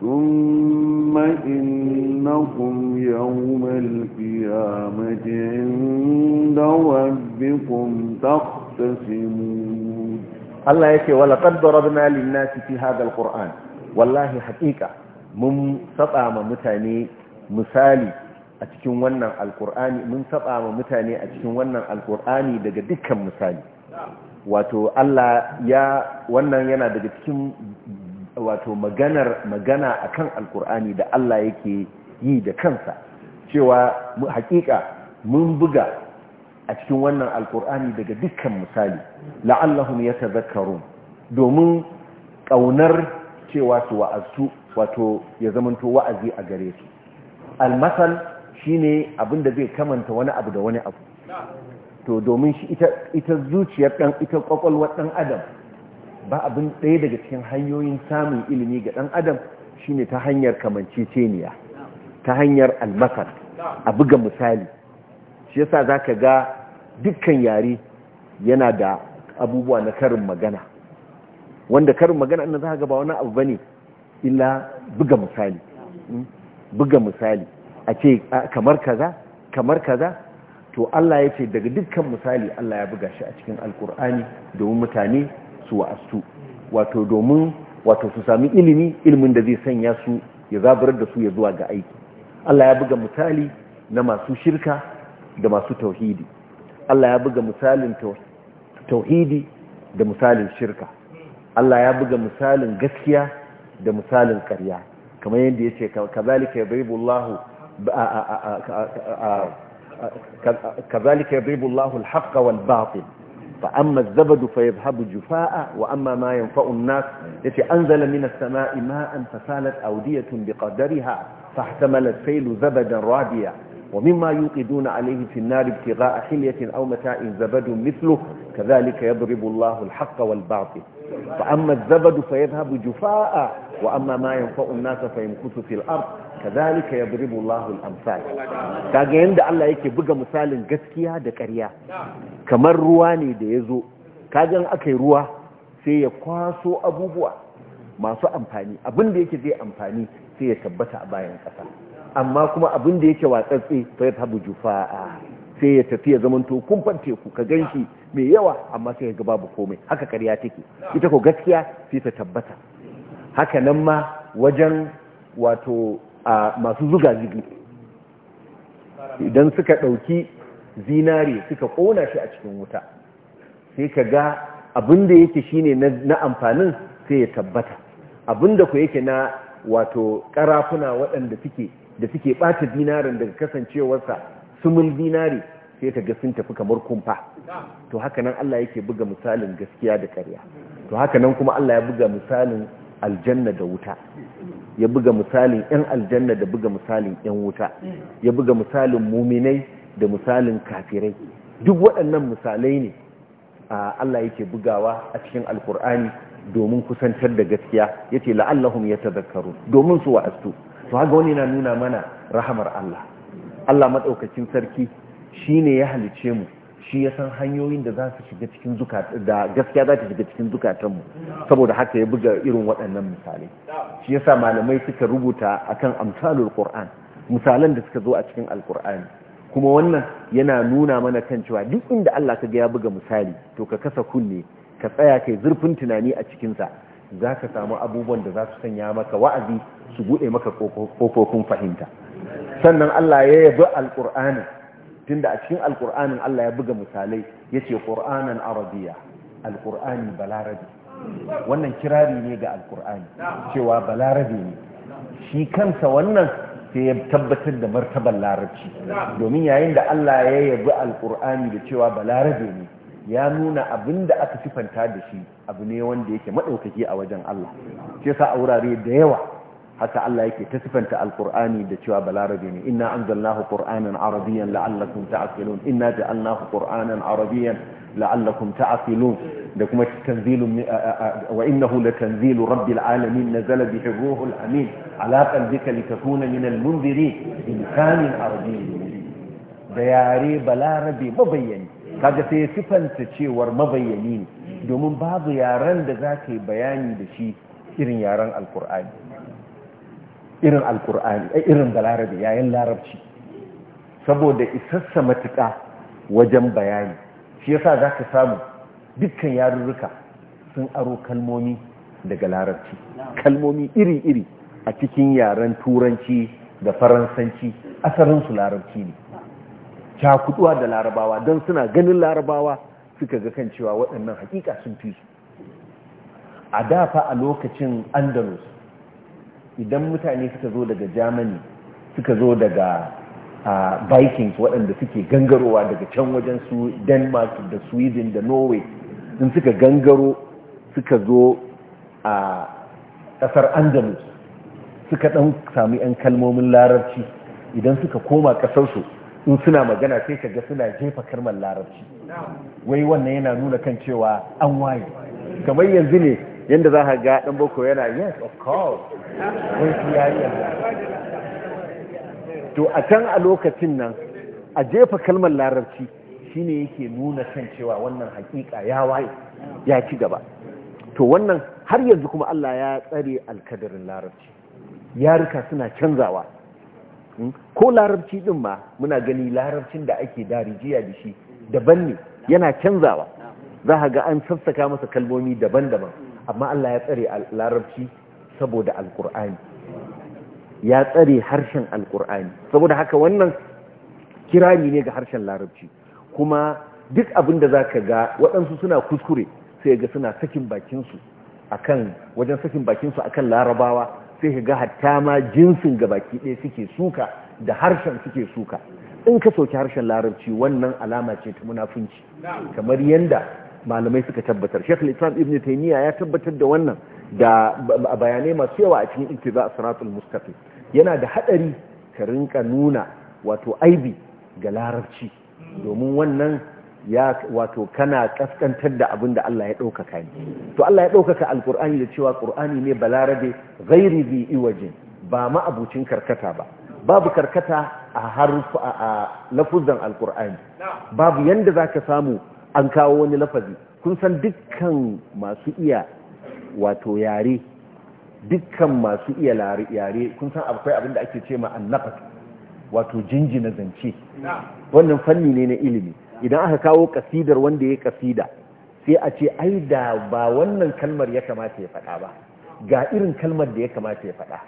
ثم إنكم يوم القيامة عند ربكم تختصمون الله يكي ولقد ضربنا للناس في هذا القرآن والله حقيقة من سطع متاني مثالي a cikin wannan alkur'ani mun saba ma mutane a cikin wannan alkur'ani daga dukkan misali wato Allah ya wannan yana daga cikin wato maganar magana akan alkur'ani da Allah yake yi da kansa cewa hakika mun buga a cikin wannan alkur'ani daga dukkan misali la'allahum yatadhakkarun domin kaunar cewa su wa'azu wato ya zamanto wa'azi a gare su almasal shine abin da zai kamanta wani abu da wani abu to domin shi ita zuciyar dan ita kwakwalwar dan adam ba abin ɗaya daga cikin hanyoyin samun ilimi ga dan adam shine ta hanyar kamanceceniya ta hanyar almasar a buga misali shi yasa zaka ga dukkan yare yana da abubuwa na karin magana wanda karin magana annan zaka ga ba wani abu bane illa buga misali hmm? buga misali a ce kamar kaza kamar kaza to Allah ya ce daga dukkan misali Allah ya buga shi a cikin alkur'ani domin mutane su wa'astu wato domin wato su sami ilimi ilimin da zai sanya su ya zabar da su ya zuwa ga aiki Allah ya buga misali na masu shirka da masu tauhidi Allah ya buga misalin tauhidi da misalin shirka Allah ya buga misalin gaskiya da misalin karya, kamar yadda ya ce kazalika bullahu. كذلك يضرب الله الحق والباطل فأما الزبد فيذهب جفاء وأما ما ينفع الناس يتي أنزل من السماء ماء فسالت أودية بقدرها فاحتمل السيل زبدا رابيا ومما يوقدون عليه في النار ابتغاء حلية أو متاع زبد مثله كذلك يضرب الله الحق والباطل فأما الزبد فيذهب جفاء وأما ما ينفع الناس فيمكث في الأرض كذلك يضرب الله الأمثال كاجا عند الله yake buga misalin gaskiya da ƙarya kamar ruwa ne da yazo kaga in akai ruwa sai ya kwaso abubuwa masu amfani abin da yake zai amfani sai ya tabbata a bayan ƙasa amma kuma abin da yake watsatsi fa ya tabu jufa'a sai ya tafi ya zamanto kumfan teku ka ganshi mai yawa amma sai ga babu komai haka ƙarya take ita ko gaskiya sai ta tabbata haka nan ma wajen wato masu zuga zigi idan suka ɗauki zinare suka ƙona shi a cikin wuta sai ka ga abin da yake ne na amfanin sai ya tabbata abin da ku yake na wato ƙarafuna waɗanda suke da suke ɓata dinarin daga kasancewarsa sumul dinari sai ta ga sun tafi kamar kumfa to haka nan Allah yake buga misalin gaskiya da ƙarya to haka nan kuma Allah ya buga misalin aljanna da wuta ya buga misalin yan aljanna da buga misalin yan wuta ya buga misalin muminai da misalin kafirai duk waɗannan misalai ne Allah yake bugawa a cikin alkur'ani domin kusantar da gaskiya yace la'allahum yatadhakkarun domin su wa'astu to haka wani na nuna mana rahamar Allah Allah maɗaukacin sarki shi ne ya halice mu shi ya san hanyoyin da za su shiga cikin da gaskiya za ta shiga cikin zukatanmu saboda haka ya buga irin waɗannan misali shi ya sa malamai suka rubuta akan amsalul ƙor'an misalan da suka zo a cikin alkur'ani kuma wannan yana nuna mana kan cewa duk inda Allah ka ga ya buga misali to ka kasa kunne ka tsaya kai zurfin tunani a cikinsa. za ka samu abubuwan da za su sanya maka wa'azi su buɗe maka ƙofofin fahimta sannan Allah ya yabi tun tunda a cikin al’ur'anin Allah ya buga misalai ya ce ƙur'anin arabiya al’ur'ani balarabi wannan kirari ne ga al’ur'ani cewa balarabi ne shi kansa wannan sai ya tabbatar da martabar larabci domin yayin da Allah ya yabi al’ur'ani da cewa balarabi ne ya nuna abin da aka sifanta da shi abu ne wanda yake maɗaukaki a wajen Allah shi sa a wurare da yawa haka Allah yake ta sifanta alkur'ani da cewa balarabe ne inna anzalnahu qur'anan arabiyan la'allakum ta'qilun inna ja'alnahu qur'anan arabiyan la'allakum ta'qilun da kuma tanzilun wa innahu latanzilu rabbil alamin nazala bihi ruhul amin ala qalbika litakuna min almunzirin in kana da yare balarabe mabayyani kaga sai ya sifanta cewar mabayyani ne domin babu yaren da za ka yi bayani da shi irin yaren alkur'ani irin alkur'ani eh, irin balarabe yayin larabci saboda isassa matuka wajen bayani shi yasa za ka samu dukkan yarurruka sun aro kalmomi daga larabci kalmomi iri-iri a cikin yaren turanci da faransanci asalinsu larabci ne cakuduwa da larabawa don suna ganin larabawa suka ga kan cewa waɗannan hakika sun fi su a dafa a lokacin andalus idan mutane suka zo daga germany suka zo daga vikings waɗanda suke gangarowa daga can wajen su denmark da sweden da norway in suka gangaro suka zo a ƙasar andalus suka ɗan sami 'yan kalmomin larabci idan suka koma ƙasarsu in suna magana sai ka ga suna jefa karman larabci wai wannan yana nuna kan cewa an waye kamar yanzu ne yadda za ka ga ɗan boko yana yes of course wai su yayi to a can a lokacin nan a jefa kalmar larabci shine yake nuna kan cewa wannan hakika ya waye ya ci gaba to wannan har yanzu kuma Allah ya tsare alkadarin larabci Yaruka suna canzawa Hmm? ko larabci din ma muna gani larabcin da ake darijiya da shi daban ne yana canzawa za ka ga an sassaka masa kalmomi daban-daban amma Allah ya tsare larabci saboda alkur'ani ya tsare harshen alkur'ani saboda haka wannan kirani ne ga harshen larabci kuma duk abin da za ka ga waɗansu suna kuskure sai ga suna sakin bakinsu a wajen akan larabawa sai ga hatta ma jinsin gabaki ɗaya suke suka da harshen suke suka in ka soki harshen larabci wannan alama ce ta munafunci kamar yadda malamai suka tabbatar shekul islam ibn taymiya ya tabbatar da wannan da a bayanai masu yawa a cikin a saratun mustaqim yana da hadari ka rinka nuna wato aibi ga larabci domin wannan ya wato kana kaskantar da abin da Allah ya ɗaukaka ne to Allah ya ɗaukaka alƙur'ani da cewa ƙur'ani ne balarabe ghairi bi iwajin ba ma abucin karkata ba babu karkata a harfu a lafuzan alƙur'ani babu yanda zaka samu an kawo wani lafazi kun san dukkan masu iya wato yare dukkan masu iya yare kun san akwai abin da ake ce ma annaqat wato jinjina zance wannan fanni ne na ilimi idan aka kawo kasidar wanda ya kasida sai a ce ai da ba wannan kalmar ya kamata ya faɗa ba ga irin kalmar da ya kamata ya faɗa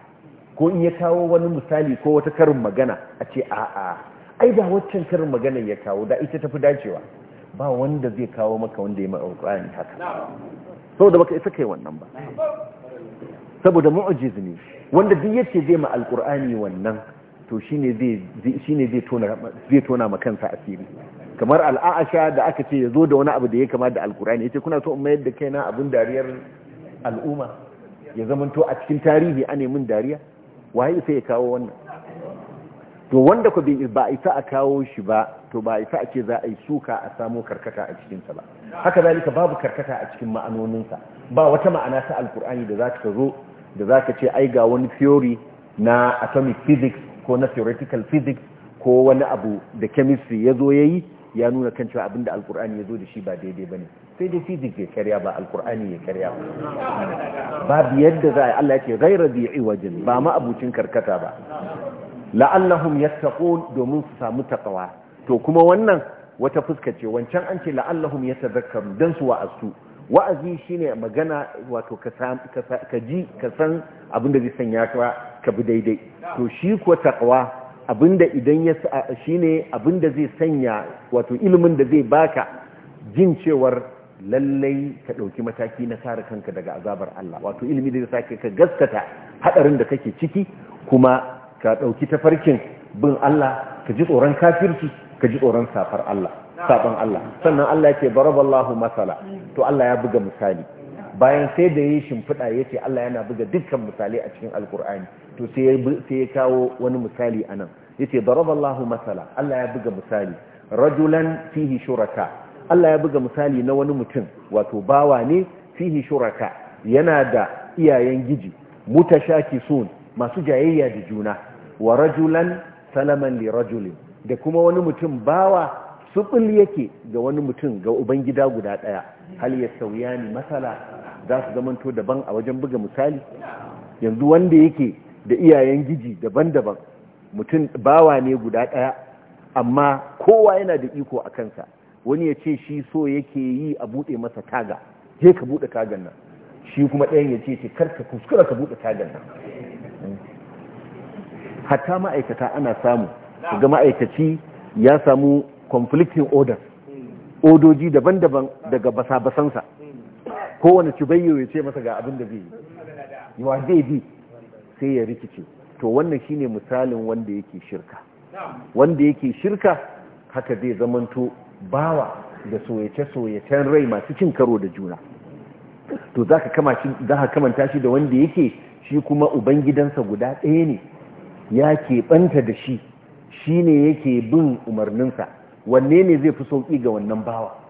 ko in ya kawo wani misali ko wata karin magana a ce a'a ai da waccan karin magana ya kawo da ita tafi dacewa ba wanda zai kawo maka wanda ya ma'auƙani haka saboda baka isa kai wannan ba saboda mu'ajiz ne wanda duk yace zai ma alƙur'ani wannan to shine zai zai tona zai tona ma kansa asiri kamar al'a'asha da aka ce ya zo da wani abu da ya kama da alkur'ani ya ce kuna so in mayar da na abin dariyar al'umma ya zamanto a cikin tarihi a nemin dariya waye sai ya kawo wannan to wanda ku ba isa a kawo shi ba to ba isa a za a yi suka a samo karkata a cikinsa ba haka zalika babu karkata a cikin ma'anoninsa ba wata ma'ana ta alkur'ani da za ka zo da za ka ce ai ga wani theory na atomic physics ko na theoretical physics ko wani abu da chemistry ya zo ya yi ya nuna kan cewa abinda alkur'ani ya zo da shi ba daidai ba ne sai dai physics ya karya ba alkur'ani ya karya ba babu yadda za a Allah ce zai bi'i wajen ba ma abucin karkata ba la'allahum yattaqun domin su samu taƙawa. to kuma wannan wata fuska ce wancan an ce la'allahum yatadhakkaru dan su wa'azu wa'azi shine magana wato ka ji ka san abinda zai sanya ka bi daidai to shi ko taƙawa. abinda idan ya shi ne abinda zai sanya wato ilimin da zai baka jin cewar lallai ka ɗauki mataki na kare kanka daga azabar Allah wato ilimi da zai sake ka gaskata haɗarin da kake ciki kuma ka ɗauki tafarkin bin Allah ka ji tsoron kafirci ka ji tsoron safar Allah Sannan Allah sannan Allah yake baraballahu masala to Allah ya buga misali bayan sai da yi shimfiɗa ya ce Allah yana buga dukkan misali a cikin alkur'ani to sai ya kawo wani misali a nan ya ce daraballahu masala Allah ya buga misali rajulan fihi shuraka Allah ya buga misali na wani mutum wato bawa ne fihi shuraka yana da iyayen giji sun, masu jayayya da juna wa rajulan salaman li rajulin da kuma wani mutum bawa suɓul yake ga wani mutum ga ubangida guda ɗaya hal ya sauya ni matsala za su zamanto daban a wajen buga misali yanzu wanda yake da iyayen giji daban-daban mutum bawa ne guda ɗaya amma kowa yana da iko a kansa wani ya ce shi so yake yi a buɗe masa taga je ka buɗe tagan nan shi kuma ɗayan ya ce ce karka kuskura ka buɗe tagan nan hatta ma'aikata ana samu ga ma'aikaci ya samu conflicting orders odoji daban-daban daga basa-basansa kowane cibayyo ya ce masa ga abin da zai yi wa zai bi sai ya rikice to wannan shine misalin wanda yake shirka wanda yake shirka haka zai zamanto bawa da soyace-soyacen rai masu cin karo da juna to za ka kamanta shi da wanda yake shi kuma ubangidansa guda ɗaya ne ya keɓanta da shi shi ne yake bin umarninsa wanne ne zai fi sauƙi ga wannan bawa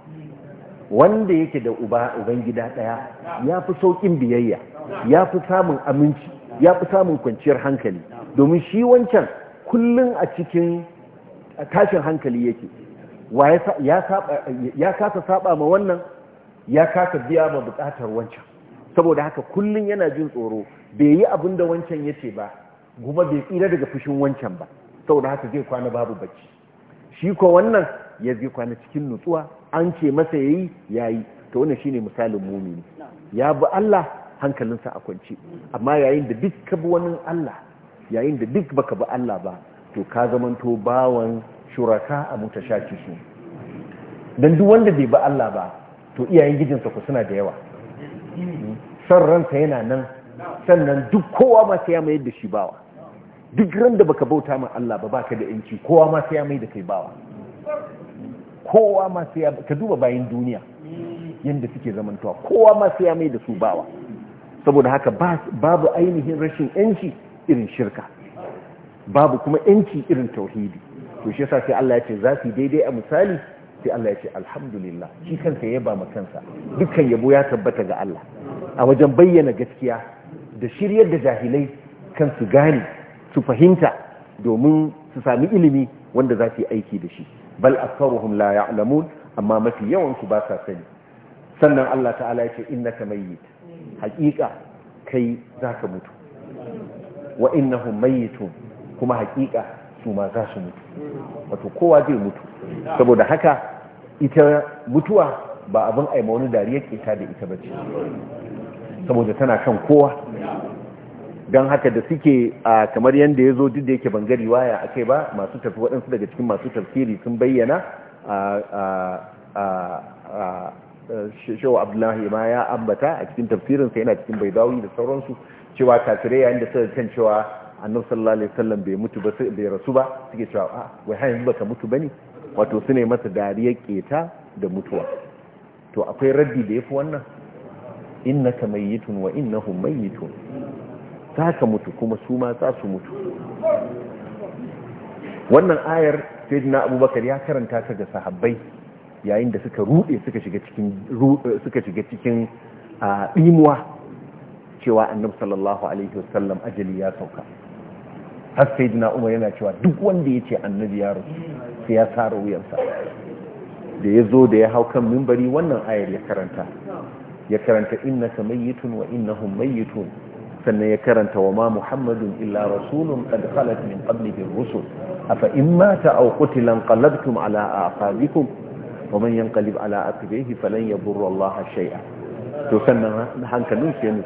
wanda yake da uba ubangida daya ya fi saukin biyayya ya fi samun aminci ya fi samun kwanciyar hankali domin shi wancan kullum a cikin tashin hankali yake ya kasa saba ma wannan ya kasa biya ma bukatar wancan saboda haka kullum yana jin tsoro bai yi abin da wancan ya ce ba guba bai tsira daga fushin wancan ba saboda haka zai kwana babu bacci shi ko wannan ya zai kwana cikin nutsuwa an ce masa yayi yayi to wannan shine misalin mumini ya bi Allah hankalinsa a kwance amma yayin da duk ka bi wani Allah yayin da duk baka bi Allah ba to ka zamanto bawan shuraka a mutashaki su dan duk wanda bai bi Allah ba to iyayen gidansa ku suna da yawa san ransa yana nan sannan duk kowa ma sai ya mayar da shi bawa duk ran da baka bauta ma Allah ba baka da yanci kowa ma sai ya mai da kai bawa kowa masu sai ka duba bayan duniya yadda suke zamantawa kowa masu ya mai da su bawa saboda haka babu ainihin rashin yanci irin shirka babu kuma yanci irin tauhidi to shi yasa sai Allah ya ce za su daidai a misali sai Allah ya ce alhamdulillah shi kansa ya ba ma kansa dukkan yabo ya tabbata ga Allah a wajen bayyana gaskiya da shiryar da jahilai kan su gane su fahimta domin su sami ilimi wanda za su yi aiki da shi bal aktharuhum la ya'lamun amma mafi yawan su ba sa sani sannan Allah ta'ala yake innaka mayyit haqiqa kai zaka mutu wa innahum mayyitun kuma haqiqa su ma za su mutu wato kowa zai mutu saboda haka ita mutuwa ba abin aima wani dariya keta da ita ba ce saboda tana kan kowa don haka da suke a kamar yadda ya zo duk da yake ban waya a kai ba masu tafi waɗansu daga cikin masu tafsiri sun bayyana shehu abdullahi ma ya ambata a cikin tafsirinsa yana cikin bai dawo da sauransu cewa kafirai yayin da suka kan cewa annabi sallallahu alaihi bai mutu ba bai rasu ba suke cewa a ah, wai hayan baka mutu ne wato su ne masa dariyar keta da mutuwa to akwai raddi da yafi wannan innaka mayyitun wa innahum mayyitun za ka mutu kuma su ma za su mutu wannan ayar sai na abubakar ya karanta ta ga sahabbai yayin da suka ruɗe suka shiga cikin suka cewa annabi sallallahu alaihi wasallam ajali ya sauka har sai umar yana cewa duk wanda ya ce annabi ya rasu sai ya wuyansa da ya zo da ya hau kan mimbari wannan ayar ya karanta ya karanta ka mayyitun wa inna hun mayyitun sannan ya karanta wa ma muhammadun illa rasulun qad min qablihi ar-rusul afa in mata aw qutila qalabtum ala aqabikum wa man yanqalib ala aqibihi ya yadurra Allah shai'a. to sannan hankalin ya ne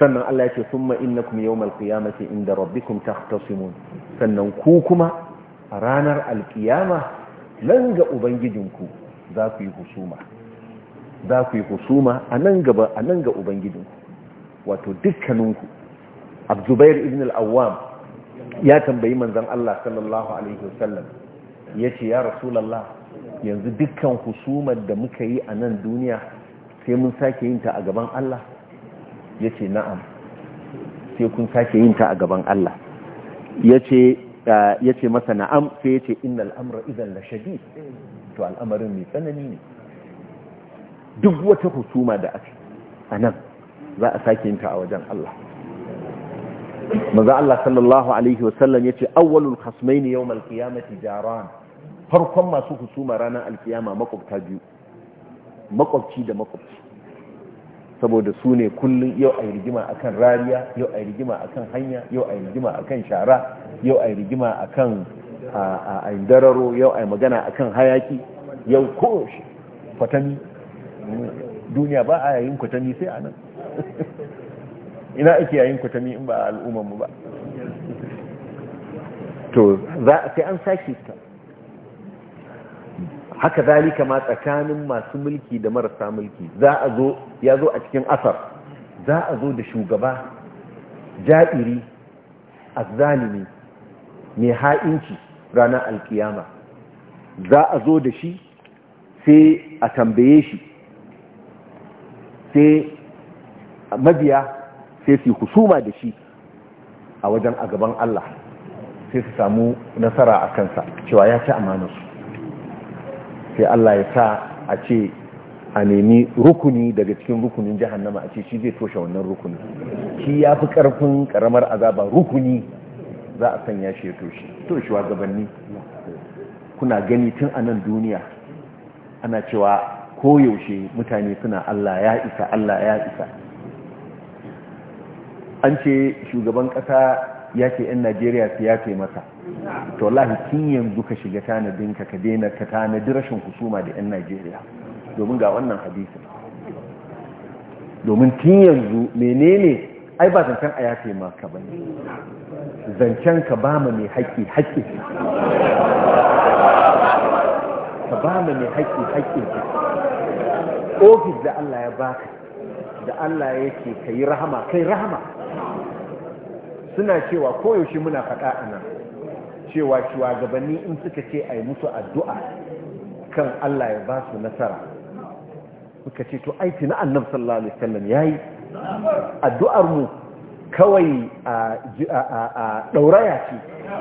sannan Allah ya ce summa innakum yawmal qiyamati inda rabbikum takhtasimun sannan ku kuma a ranar alkiyama nan ga ubangijinku za ku yi husuma za ku yi husuma a nan gaba a nan ga ubangijinku wato dukkaninku abzubair ibn al-awwam ya tambayi manzon Allah sallallahu alaihi wasallam yace ya rasulallah yanzu dukkan husumar da muka yi a nan duniya sai mun sake yin ta a gaban Allah Ya ce na'am sai kun sake yin ta a gaban Allah yace yace masa na'am sai yace innal amra idan na shadid to al'amarin mai tsanani ne duk wata husuma da ake a nan za a sake yin ta a wajen Allah maza Allah sallallahu alaihi wasallam yace awwalul khasmaini yawmal qiyamati jaran farkon masu husuma ranar alkiyama makwabta biyu makwabci da makwabci saboda su ne kullum yau a rigima akan rariya yau a rigima akan hanya yau a rigima akan shara yau a rigima akan a dararo yau a magana akan hayaki yau ko kwatami duniya ba a yayin kwatami sai a nan ina ake yayin kwatami in ba a mu ba to sai an sake ta haka zalika ma tsakanin masu mulki da marasa mulki za a zo ya zo a cikin asar za a zo da shugaba ja'iri azzalimi mai ha'inci ranar alkiyama za a zo da shi sai a tambaye shi sai mabiya sai su yi husuma da shi a wajen a gaban Allah sai su samu nasara a kansa cewa ya ci amanarsu sai Allah ya sa a ce a nemi rukuni daga cikin rukunin jihannama, a ce shi zai toshe wannan rukuni shi ya fi ƙarfin ƙaramar azaba rukuni za a sanya shi ya toshe toshewa gabanni kuna gani tun a nan duniya ana cewa koyaushe mutane suna Allah ya isa Allah ya isa an ce shugaban kasa ya ce 'yan najeriya su ya ce masa to Allah kin yanzu ka shiga tanadin ka daina ka tanadi rashin kusuma da 'yan najeriya domin ga wannan hadisi domin tun yanzu menene ai ba zancen a ya ce maka ba zancen ka ba ma mai haƙƙi haƙƙi ka ba ma mai haƙƙi haƙƙi ofis da Allah ya baka da Allah yake ka yi rahama kai rahama suna cewa koyaushe muna faɗa a nan cewa shugabanni in suka ce a yi musu addu'a kan Allah ya ba su nasara suka ce to aiki na annab sallallahu alaihi wasallam ya yi addu'armu kawai a ɗauraya ce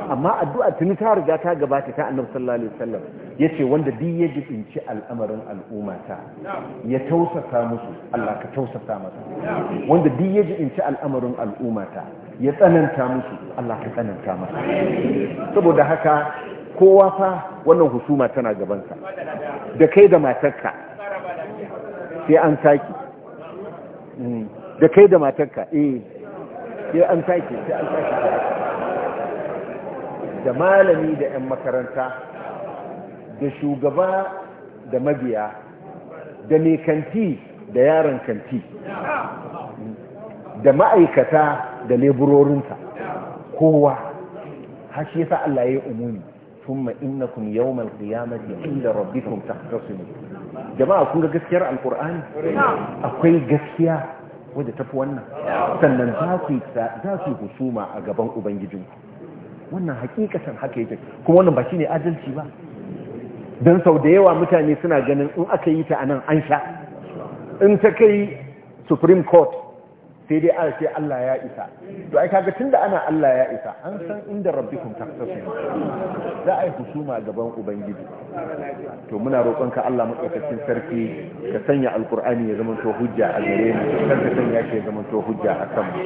amma addu'ar tuni ta riga ta gabata ta annab sallallahu alaihi wasallam ya ce wanda duk ya jibinci al'amarin al'ummata ya tausasa musu Allah ka tausasa masa wanda duk ya jibinci al'amarin al'ummata ya tsananta musu Allah ka tsananta masa saboda haka kowa fa wannan husuma tana gabansa da kai da matarka sai an saki hmm. da kai da matarka eh sai an saki sai an saki da malami da 'yan makaranta da shugaba da mabiya da mai kanti da yaron kanti hmm. da ma'aikata da leburorinsa kowa har shi yasa Allah ya yi umumi kuma innakum yawmal qiyamati inda rabbikum tahtasimun jama'a kun ga gaskiyar alqur'ani akwai gaskiya wadda tafi wannan sannan za su za ku husuma a gaban ubangiji wannan hakikatan haka yake kuma wannan ba shine adalci ba dan sau da yawa mutane suna ganin in aka yi ta anan an sha in ta kai supreme court sai dai ana ce Allah ya isa to ai kaga tunda ana Allah ya isa an san inda rabbikum taqtasim za a yi husuma gaban ubangiji to muna roƙon ka Allah madaukakin sarki ka sanya alqur'ani ya zama to hujja a gare mu kar ka sanya shi ya zama to hujja a kan mu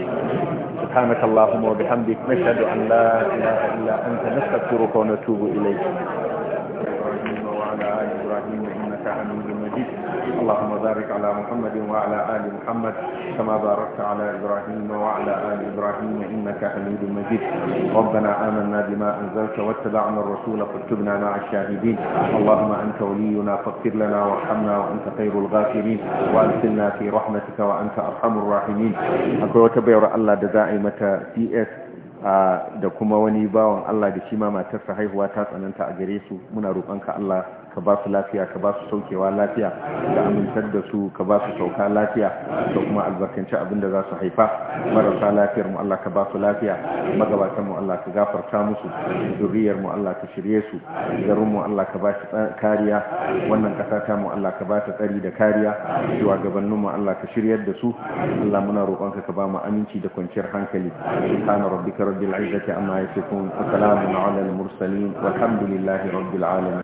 subhanakallahumma wa bihamdika nashhadu an la ilaha illa anta nastaghfiruka wa natubu ilayk اللهم بارك على محمد وعلى آل محمد كما باركت على إبراهيم وعلى آل إبراهيم إنك حميد مجيد ربنا آمنا بما أنزلت واتبعنا الرسول فاكتبنا مع الشاهدين اللهم أنت ولينا فاغفر لنا وارحمنا وأنت خير الغافرين وأدخلنا في رحمتك وأنت أرحم الراحمين أقول وتبير الله دزائمة سي اس da kuma wani bawan Allah da shi ma matarsa haihuwa ta tsananta a gare su muna roƙonka Allah ka ba su lafiya ka ba su saukewa lafiya ka amintar da su ka ba su sauka lafiya da kuma albarkanci abin da za su haifa marasa lafiyar mu Allah ka ba su lafiya magabatan mu Allah ka gafarta musu zuriyar mu Allah ka shirye su garin mu Allah ka ba kariya wannan kasa ta mu Allah ka ba ta tsari da kariya cewa gabanin mu Allah ka shiryar da su Allah muna roƙonka ka ba mu aminci da kwanciyar hankali subhana rabbika rabbil izzati amma yasifun wa salamun ala al mursalin walhamdulillahi rabbil alamin